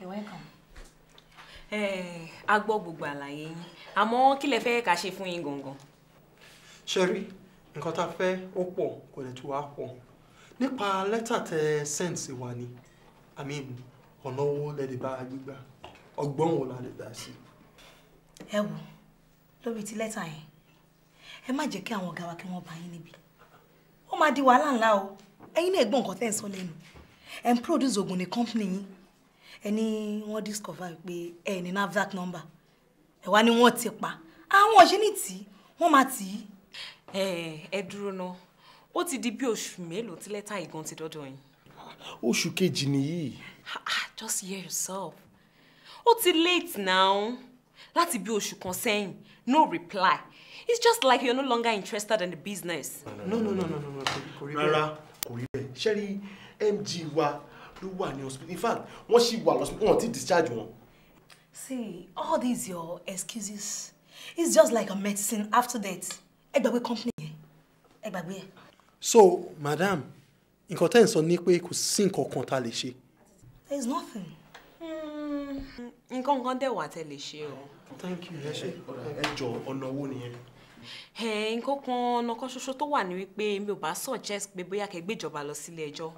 You're welcome. Eh, a gbọ́ gbogbo àlàyé yín. Àmọ́ kí lẹ fẹ́ ká ṣe fún yín gangan? Ṣẹ́rí, nǹkan tá a fẹ́ ó pọ̀ kò lè tún wá pọ̀. Nípa lẹ́tà tẹ send sí wa ni, I mean, ọ̀nà owó lẹ lè bá a gbígbà, ọgbọ́n wo la lè dá sí. Ẹ wo, lórí ti lẹ́tà yẹn, ẹ má jẹ́ kí àwọn ọ̀gá wa kí wọ́n bá yín níbi. Ó máa di wàhálà ńlá o, ẹ̀yin náà gbọ́ nǹkan tẹ́ ẹ̀ sọ lẹ́nu ẹ ń produce oògùn ní company yín ẹ ní discover pé ẹ ní NAFDAC number ẹ wá ní wọ́n ti pa àwọn ah, ọ̀ṣẹ́ ní tì í wọ́n máa tì í. ẹ ẹ dúró ná ó ti di bí oṣù mélòó tí lẹ́tà ìgan ti dọ́dọ̀ yín. oṣù kejì nìyí. Ah, ah, just hear yourself ó ti late now láti bí oṣù kan sẹ́yìn no reply it's just like you're no longer interested in the business. no no no no no no kò rí bẹ́ẹ̀ kò rí bẹ́ẹ̀ ṣẹ́rí mg wa ló wà ní hospital in fact wọ́n sì wà lọ́sibítù wọn ti discharge wọn. see all these your excuses it's just like a medicine after death ẹ gbàgbé company yẹn ẹ gbàgbé so madam nǹkan tẹ́ ń sọ ni pé kò sí nǹkan kan tá a lè ṣe. there is nothing. Hmm, nǹkan kan dẹ̀ wà tẹ́ lè ṣe o. thank you ẹ ṣe ẹ jọ ọ̀nà owó nìyẹn nǹkan kan nǹkan ṣoṣo tó wà ní wípé mi ò bá suggest pé bóyá kẹ́ gbéjọba lọ sílé ẹjọ́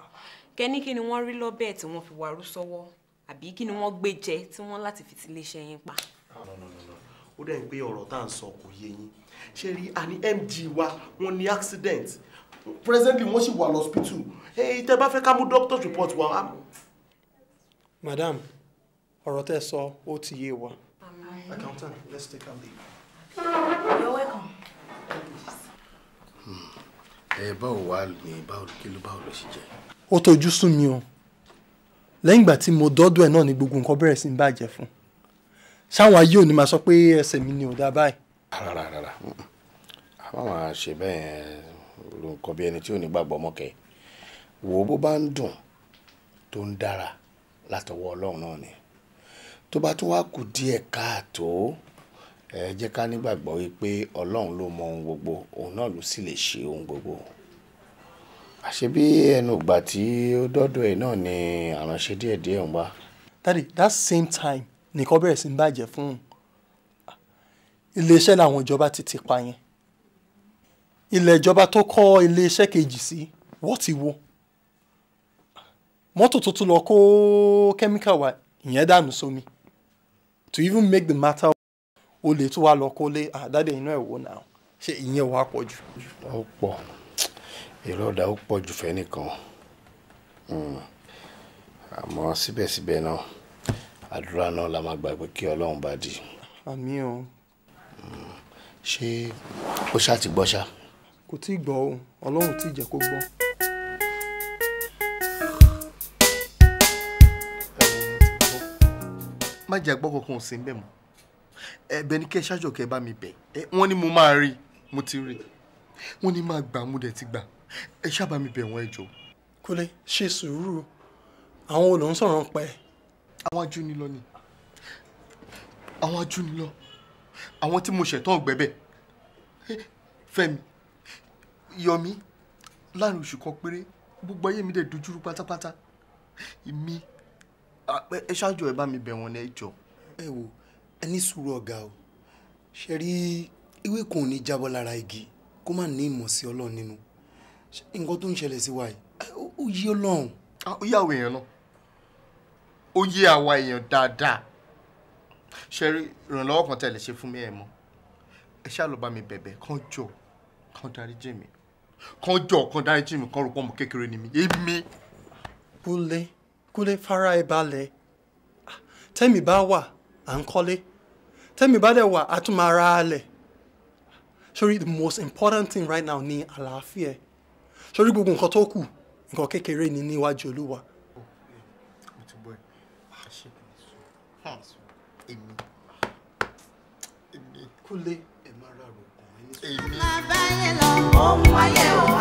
kẹ́ ní kí ni wọ́n rí lọ́bẹ̀ tí wọ́n fi wàrú sọ́wọ́ àbí kí ni wọ́n gbé jẹ tí wọ́n láti fi ti iléeṣẹ́ yín pa. ó dẹ̀ pé ọ̀rọ̀ tá à ń sọ kò yé yín ṣé rí àní MD wa wọ́n ní accident presently wọ́n sì wà lọ́spítù tẹ́ bá fẹ́ ká mú doctor's report wá. madam ọ̀rọ̀ tẹ́ sọ ó ti yé wa. accountant let's take a leave. ẹ báwo wà ní báwo kí ló báwo ló ṣe jẹ. ó tojú sú mi o lẹ́yìn ìgbà tí mo dọ́dọ̀ ẹ̀ náà ni gbogbo nǹkan bẹ̀rẹ̀ sí ń bàjẹ́ fún ṣáwọn ayé ò ní máa sọ pé ẹsẹ̀ mi ni ò dáa báyìí. rárá rárá àwọn máa ṣe bẹ́ẹ̀ ló ń kọ bí ẹni tí ò ní gbàgbọ́ mọ́kẹ́ wò bó bá ń dùn tó ń dára látọwọ́ ọlọ́run náà ni tó bá tún wá kù díẹ̀ káàtó ẹ jẹ́ ká nígbàgbọ́ wípé ọlọ́run ló mọ ohun gbogbo òun náà ló sì lè ṣe ohun gbogbo àṣé bí ẹnu ìgbà tí ó dọ́dọ̀ ẹ̀ náà ni àránṣe díẹ̀ díẹ̀ ń wá. Daddy that same time nìkan bẹ̀rẹ̀ sí ń bàjẹ́ fún iléeṣẹ́ làwọn ìjọba ti ti pa yẹn ilẹ̀ ìjọba tó kọ́ iléeṣẹ́ kejì sí wọ́n ti wo mọ́tò tó tún lọ kó kẹ́míkà wá ìyẹn dànù sómi to even make the matter o lè tún wá lọ kólé àdáde ah, inú ẹ̀ wò náà ṣé ìyẹn wàá pọ̀ jù. ó pọ̀ ìrọ̀dà ó pọ̀ jù fẹ́ nìkan hmm. àmọ́ síbẹ̀síbẹ̀ náà àdúrà náà la máa gbàgbé kí ọlọ́run bá di. àmín o. Hmm. ṣé ó ṣáà ti gbọ́ ṣá. kò tí ì gbọ́ o ọlọ́run tí ì jẹ́ kó gbọ́. má jẹ́ gbọ́ kankan ò sí ń bẹ̀ mọ́ ẹ̀bẹ̀ ni kẹ́ ṣáájú kẹ́ bá mi bẹ̀ wọ́n ní mo máa rí mo ti rí wọ́n ní máa gbà mo dẹ̀ ti gbà ẹ ṣáà bá mi bẹ̀ wọ́n ẹ jọ. kúnlẹ̀ ṣe sùúrù àwọn olùhùn sọ̀rọ̀ ń pẹ́. àwọn ajúnilọ ni àwọn ajúnilọ àwọn tí mo ṣẹ̀tàn ọ̀gbẹ́bẹ̀ fẹ́mi yọmi láàrin oṣù kan péré gbogbo ayé mi dẹ̀ dojúrú pátápátá mi ẹ ṣáájú ẹ bá mi bẹ̀ wọ́n ẹ jọ ẹ wò ẹ ní sùúrù ọ̀gá o ṣe rí ewé kan ò ní jábọ́ lára igi kó má ní ìmọ̀ sí ọlọ́run nínú nǹkan tó ń ṣẹlẹ̀ sí wa yìí ó yé ọlọ́run. ó yé àwọn èèyàn náà ó yé àwa èèyàn dáadáa ṣe rí ìrànlọ́wọ́ kan tẹ̀lé ṣe fún mi ẹ̀ mọ́ ẹ ṣáà lọ bá mi bẹ̀bẹ̀ kán jọ kán darí jì mí kán jọ kán darí jì mí kán rò pọ́ ọmọ kékeré ni mi èmi. kúnlé kúnlé fara ẹ balẹ̀ ah, tẹ́mi bá wà à ń kọ́lé Tell me, dẹ̀ wà á tún máa the most important thing right now ni àlàáfíà sórí gbogbo nǹkan tó kù nǹkan kékeré ni níwájú olúwa. kúlé ẹ̀ máa ra rògbòn ẹni. èmi. ọmọ báyìí lọ ohun ayé o.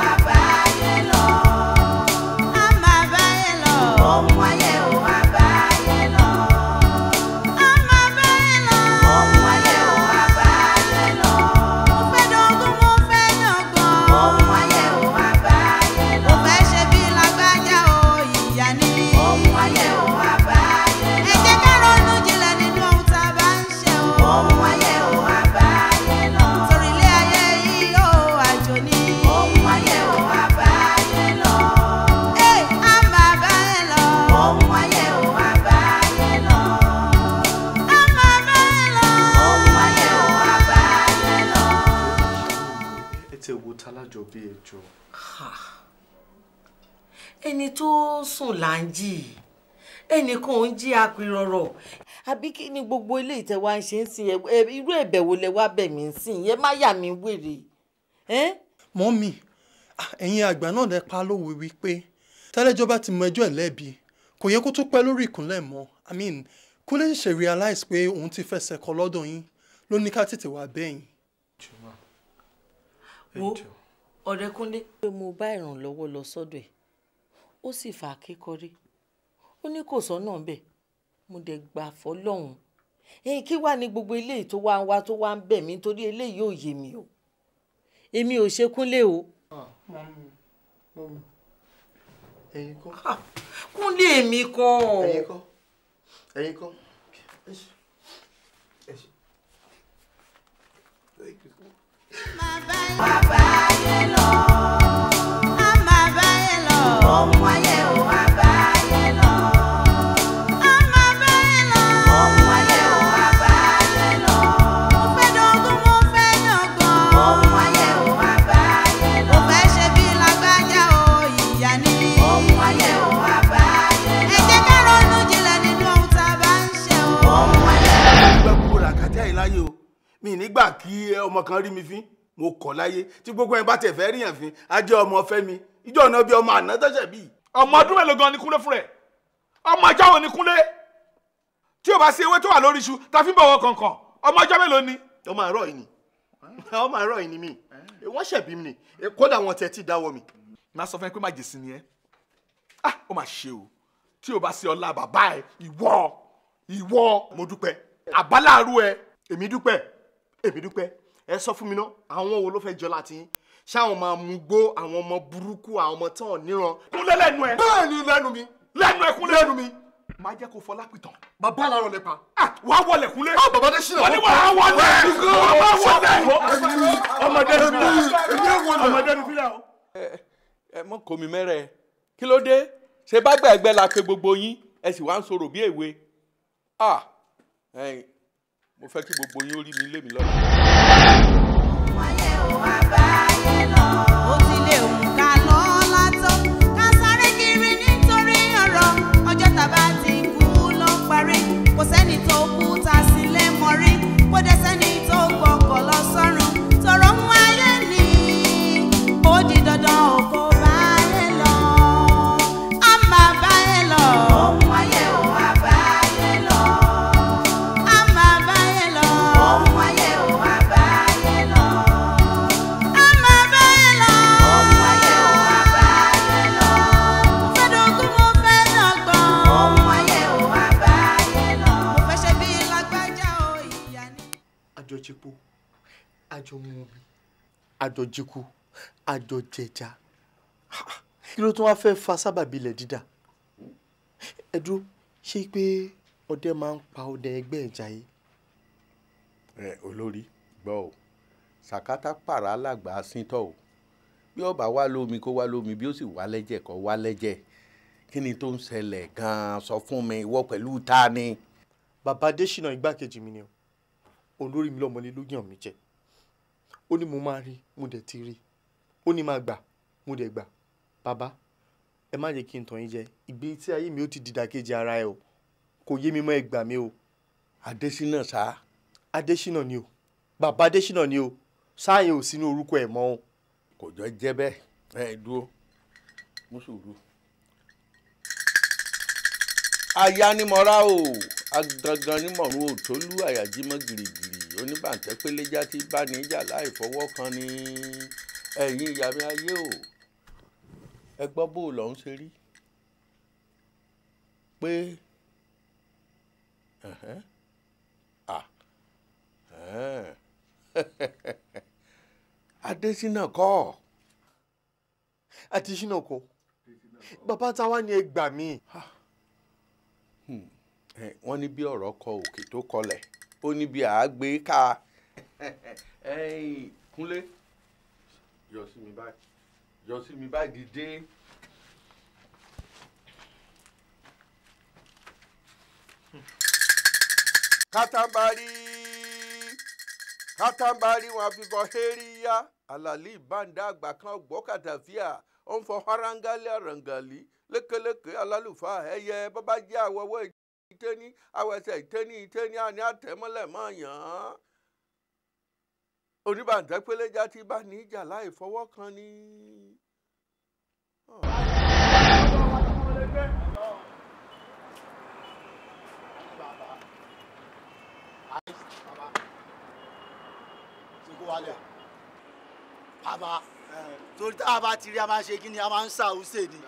nìkan ò ń jí apìrọ̀rọ̀ àbí kí ni gbogbo ilé ìtẹ̀wá ń ṣe ń sìn yẹn irú ẹ̀bẹ̀wò lẹ wá bẹ̀ mí ń sìn yẹn má yà mí wèrè. mọ́mì ah, ẹ̀yin àgbà náà lẹ pa lówe wípé tẹ́lẹ́jọ́ bá ti mọ ẹjọ́ ẹ̀ lẹ́bi kò yẹ kó tún pẹ́ lórí ìkúnlẹ̀ mọ́ i mean kúnlé ṣe realize pé òun ti fẹsẹ̀ kọ lọ́dọ̀ yín ló ní ká tètè wá bẹ́yìn. wo ọ̀rẹ́kúnlé pé mo bá ìrànlọ́wọ́ lọ sọ́dọ̀ ẹ̀ ó sì fà á kékeré ó ní kò sọ́nà ń bẹ̀ mo dẹ̀ gbà fọlọ́hún ẹ̀yìn kí wàá ní gbogbo eléyìí tó wá ń wá tó wá ń bẹ̀ mí nítorí eléyìí ò yé mi o èmi ò ṣe o. Ah, kúnlé mi kọ́. ẹ̀yin kọ́ ẹ̀yin kọ́. Bàbá yẹn lọ, a máa bá nígbà kí eh, ọmọ kan rí mi fín mo kọ̀ láyé tí gbogbo ẹ̀ bá tẹ̀ fẹ́ ríyàn fín á jẹ́ ọmọ fẹ́mi ìjọ ọ̀nà bíi ọmọ àná tọ́jà bíi. ọmọ ọdún mélòó gan ni kúnlé fún rẹ ọmọ ọjọ́ wo ni kúnlé tí o bá sí ewé tó wà lórí iṣu ta fi ń bọ̀wọ̀ kọ̀ọ̀kan ọmọ ọjọ́ mélòó ni. ọmọ àárọ̀ yìí ni ọmọ àárọ̀ yìí ni mí eh, wọ́n ṣẹ̀bi mi ni eh, kódà wọn tẹ̀ tí dáwọ́ mi. má sọ fún ẹ pé má jèsì ni ẹ ah ó mà ṣe o tí o bá sí ọlá bàbá ẹ ìwọ ìwọ mo dúpẹ́ àbáláàrú ẹ èmi dúpẹ́ èmi dúpẹ́ ẹ sọ fún mi ná àwọn wo ló fẹ́ jọ láti yín ṣáwọn máa mú gbó àwọn ọmọ burúkú àwọn ọmọ tán níran. kúnlẹ̀ lẹ́nu ẹ. bẹ́ẹ̀ ni lẹ́nu mi lẹ́nu ẹ kúnlẹ̀ lẹ́nu mi máa jẹ́ kó fọlá pìtàn. bàbá alárò lè pa. wàá wọlé kúnlé. a bàbá de sinna. wọ́n ní wàá wọlé. bàbá wọlé. ọmọdé nu fílà o. ọmọdé nu fílà o. ẹ ẹ mọ kò mí mẹ́rẹ̀ kí ló dé ṣe bá gbẹ̀gbẹ́ la pe gbogbo yín ẹ sì wá ń sọ̀rọ̀ bí èwe mo fẹ́ kí gbogbo yín ó rí mi lémi lọ́la. wọ́n lé òun àbáyé lọ. àjọ mu omi àjọ jíkú àjọ jẹja kí ló tún wá fẹ́ fa sábàbí ilẹ̀ dídà ẹ dúró ṣé pé ọdẹ máa ń pa ọdẹ ẹgbẹ́ ẹ̀já yìí. ẹ olórí gbọ́ o sàkátà pàrà alàgbà síntọ́ o bí ó bá wá lómi kó wá lómi bí ó sì wá lẹ́jẹ̀ kó wá lẹ́jẹ̀ kí ni tó ń ṣẹlẹ̀ gan-an sọ fún mi ìwọ pẹ̀lú ta ni. bàbá adésínà igbákejì mi ni olórí mi lọmọlé ló yàn jẹ ó ní mo máa rí mo dẹ̀ ti rí ó ní máa gbà mo dẹ̀ gbà bàbá ẹ má jẹ́ kí n tàn yín jẹ ìgbé tí ayé mi ó ti dìdàkejì ara ẹ o kò yé mi mọ́ ẹ gbà mí o. Adésínà sá. Adésínà ni o bàbá Adésínà ni o sáàyè ò sínú orúkọ ẹ mọ́ o. kò jọ jẹ́ bẹ́ẹ̀ ẹ dúró mú sùúrù. aya ni mo ra o agangan ni mo rún òtólú àyàjímọ́ gírígírí oníbàǹtẹ́pẹ́lẹ́já tí bá ní jà láì fọwọ́ kan ni ẹ̀yin ìyá mi ayé o ẹ gbọ́ bó o lọ́hún ṣe rí pé adésínà kọ́ adésínà kọ́ bàbá táwa ni ẹ gbà mí. Hmm, wọ́n ní bí ọ̀rọ̀ kọ òkè tó kọlẹ̀. ó níbi àágbé ká. kúnlé yọ mi báyìí yọ mi báyìí dìde. kátàmbárí kátàmbárí wọn fi bọ àlàlí ìbáǹdà àgbà kan gbọ́kàtàfíà ó ń fọ arangali lékeleke alálùfáà ẹyẹ bàbá jẹ́ ìtẹ́ni awẹsẹ̀ ìtẹ́ni ìtẹ́ni àní àtẹ́mọ́lẹ̀ mọ́ yàn án oníbàǹtẹ́ péléjà ti bá ní ìjà láì fọwọ́ kan ni. bàbá torí tá a bá ti rí a máa ń ṣe kí ni a máa ń ṣàwùsè ni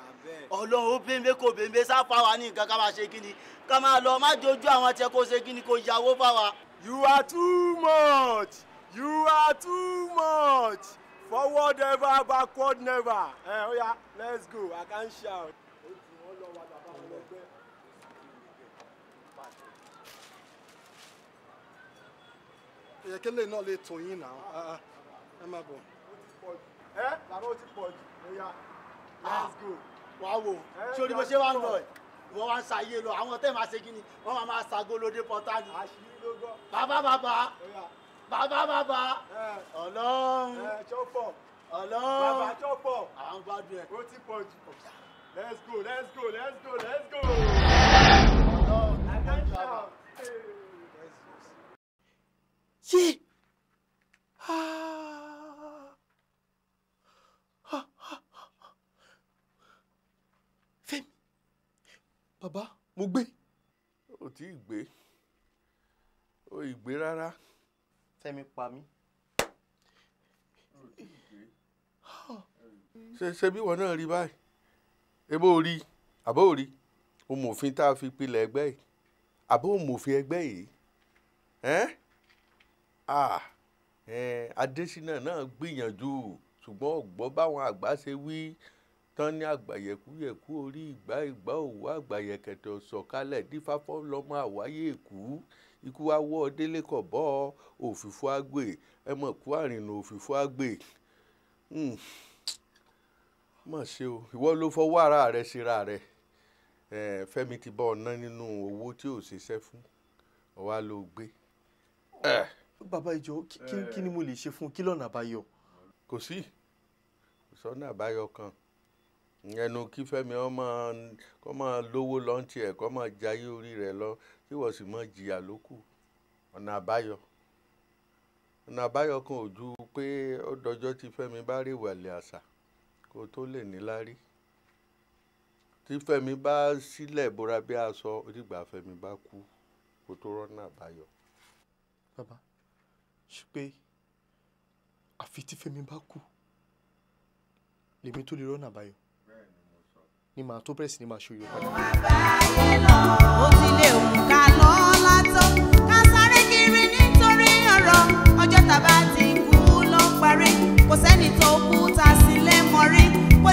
ọlọ́run ó kò bẹ́ńbẹ́ sá fáwa ní nǹkan ká máa ṣe kí ká máa lọ má jojú àwọn tiẹ̀ kó ṣe kí kó yàwó fáwa. you are too much you are too much forward ever, backward never. ẹ ó yá let's go i can shout. ìyẹ́kẹ́lẹ́ náà lè tó yín náà ẹ má bọ̀. ó ti pọ̀ jù ó yá let's go wàá wò sórí bó ṣe wà ń lọ ẹ̀ wọ́n wá ń ṣayé lọ àwọn tẹ́ máa ṣe kí wọ́n máa máa ṣàgolódé pọ́tálì. bàbá bàbá bàbá bàbá ọlọ́run ọlọ́run bàbá chọ́pọ̀ àwọn bá dùn ẹ̀. ó ti pọ̀ jù let's go let's go let's go let's go. ṣé. bàbá mo gbé. o tí ì gbé o ì gbé rárá. fẹ́mi pa mí. ṣe ṣe bí wọn náà rí báyìí ebo rí àbó rí o tá a fi pilẹ̀ ẹgbẹ́ yìí àbó mòfin ẹgbẹ́ yìí ẹ́n ah ẹ̀ Adésínà náà gbìyànjú ṣùgbọ́n ọ̀gbọ́n báwọn àgbà ṣe wí. Eh? tán ní àgbàyẹ̀kúyẹ̀kú orí ìgbà ìgbà òwú àgbàyẹ̀kẹ̀tẹ̀ sọ̀kalẹ̀ dífáfọ́ lọ́mọ àwáyé èkú ikú wa wọ́ délé kọ̀ bọ́ òfìfo àgbè ẹ mọ̀ kú àrìnà òfìfo àgbè mọ̀ hmm. ṣe o ìwọ ló fọwọ́ ara rẹ síra rẹ fẹ́mi ti bá ọ ná nínú owó tí ò ṣiṣẹ́ fún ọ ló gbé. bàbá ìjọ kí ni mo lè ṣe fún kí lọ́nà àbáyọ. kò sí sọ́nà àbáyọ kan ẹnu kí Fẹ́mi ọmọ kọ máa lówó lọ́ntì ẹ̀ kọ máa jayé orí rẹ̀ lọ kí wọ́n sì máa jìyà lókù ọ̀nà àbáyọ ọ̀nà àbáyọ kan ò ju pé ó dọjọ́ tí Fẹ́mi bá rí ìwàlẹ̀ àṣà kó tó lè níláárí tí Fẹ́mi bá sílẹ̀ bóra bí aṣọ onígbà Fẹ́mi bá kú kó tó rọ́nà àbáyọ. bàbá ṣe pé àfi tí Fẹ́mi bá kú lèmi tó lè rọ́nà àbáyọ ni màá tó bẹ̀rẹ̀ sí ni màá ṣòyò padà. àbáyé lọ ó ti lè òun ká lọ látọ̀ kò sẹ́ni tó kú ta sílẹ̀ mọ́rí kó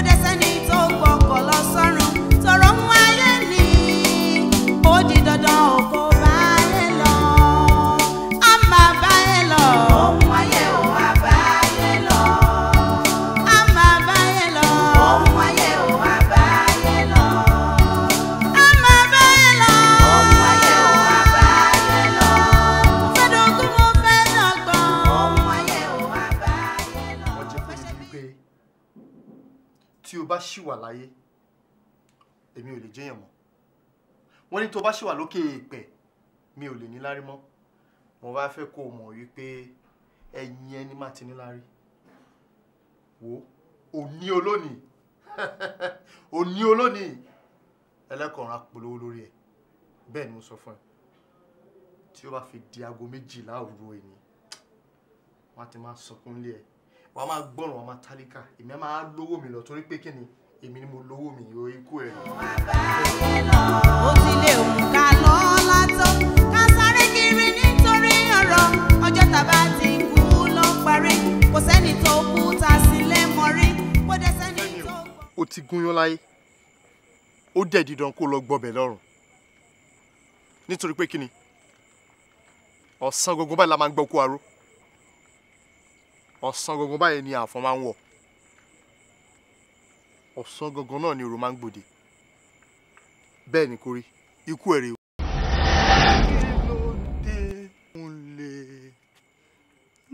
ò lè jẹ́yàn mọ́ wọ́n ní tó bá ṣì wà lókè èèpẹ̀ mi ò lè níláárí mọ́ mo bá fẹ́ kó o mọ̀ wípé ẹ̀yìn ẹni má ti níláárí wo òní olónìí òní olónìí ẹlẹ́kọ̀ọ́ra polówó lórí ẹ̀ bẹ́ẹ̀ ni mo sọ fún ẹ tí ó bá fi di aago méjìlá òru ẹni wọ́n á ti máa sọkún lé ẹ wọ́n á máa gbọ́ràn wọ́n á máa tálíkà èmi máa lówó mi lọ torí pé kí ni èmi ni mo lówó mi ìwé ikú ẹ̀. ó ti lè wù ká lọ látọ̀ ká gúnyán láyé ó dẹ̀ dídán kó lọ gbọ́bẹ̀ lọ́rùn nítorí pé kí ni ọ̀sán gbogbo báyìí la máa ń gbọ́ kú aró ọ̀sán gbogbo báyìí ni àfọ̀n máa ń wọ̀ ọ̀sán gangan náà ni òru máa ń gbòde bẹ́ẹ̀ ni kò rí ikú ẹ̀rẹ̀ o. kí ló dé Kúnlé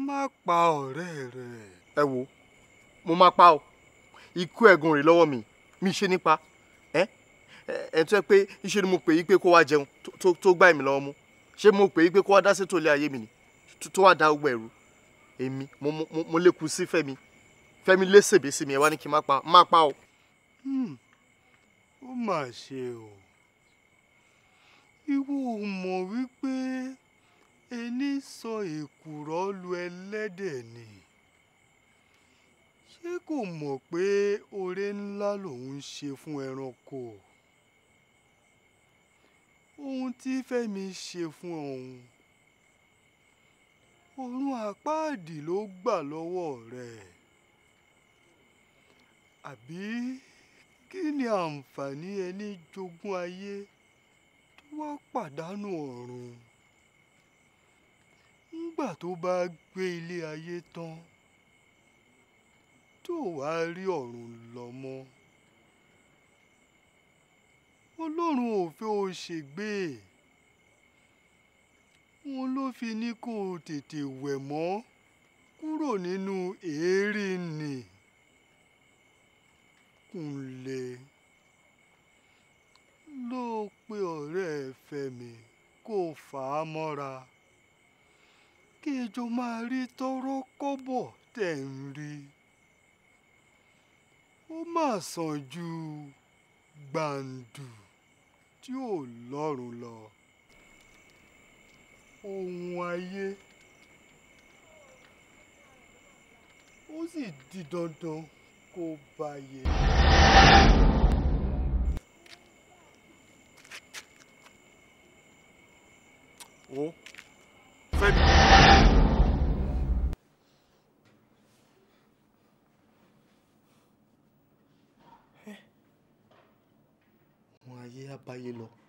má pa ọ̀rẹ́ rẹ. ẹ wo mo máa pa ọ ikú ẹ̀gùn rẹ̀ lọ́wọ́ mi mi ṣe nípa ẹ ẹ tó yẹ pé iṣẹ́ ni mo pè yí pé kó wá jẹun tó gbá èmi lọ́wọ́ mu ṣé mo pè yí pé kó wá dá sétò ilé ayé mi ni tó wá da ogbó ẹ̀rú èmi mo lékun sí fẹ́mi fẹ́mi lé sèbésí mi ẹ wá ní kí n má pa ọ. Hmm. ó mà ṣe o ìwọ ò mọ̀ wípé ẹni sọ èkùrọ́ lu ẹlẹ́dẹ̀ ni ṣé kò mọ̀ pé oore ńlá lòun ń ṣe fún ẹranko ohun tí fẹ́mi ṣe fún ọ̀hún ọ̀run àpáàdì ló gbà lọ́wọ́ rẹ̀ àbí kí ni àǹfààní ẹni jogún ayé tó wá pàdánù ọ̀run nígbà tó bá gbé ilé ayé tán tó wá rí ọ̀run lọ mọ́ ọlọ́run ò ṣègbè wọn ló fi ní kó o tètè wẹ̀ mọ́ kúrò nínú èérí nì. Kúnlé ló pe ọ̀rẹ́ ẹ̀ Fẹ́mi kó fà á mọ́ra kí ìjọ máa rí tọ́rọ́ kọ́bọ̀ tẹ̀ ń rí ó mà sàn ju gbàǹdù tí ò lọ́rùn lọ ohun ayé ó sì di dandan kó báyé. wo ayé abayé lọ.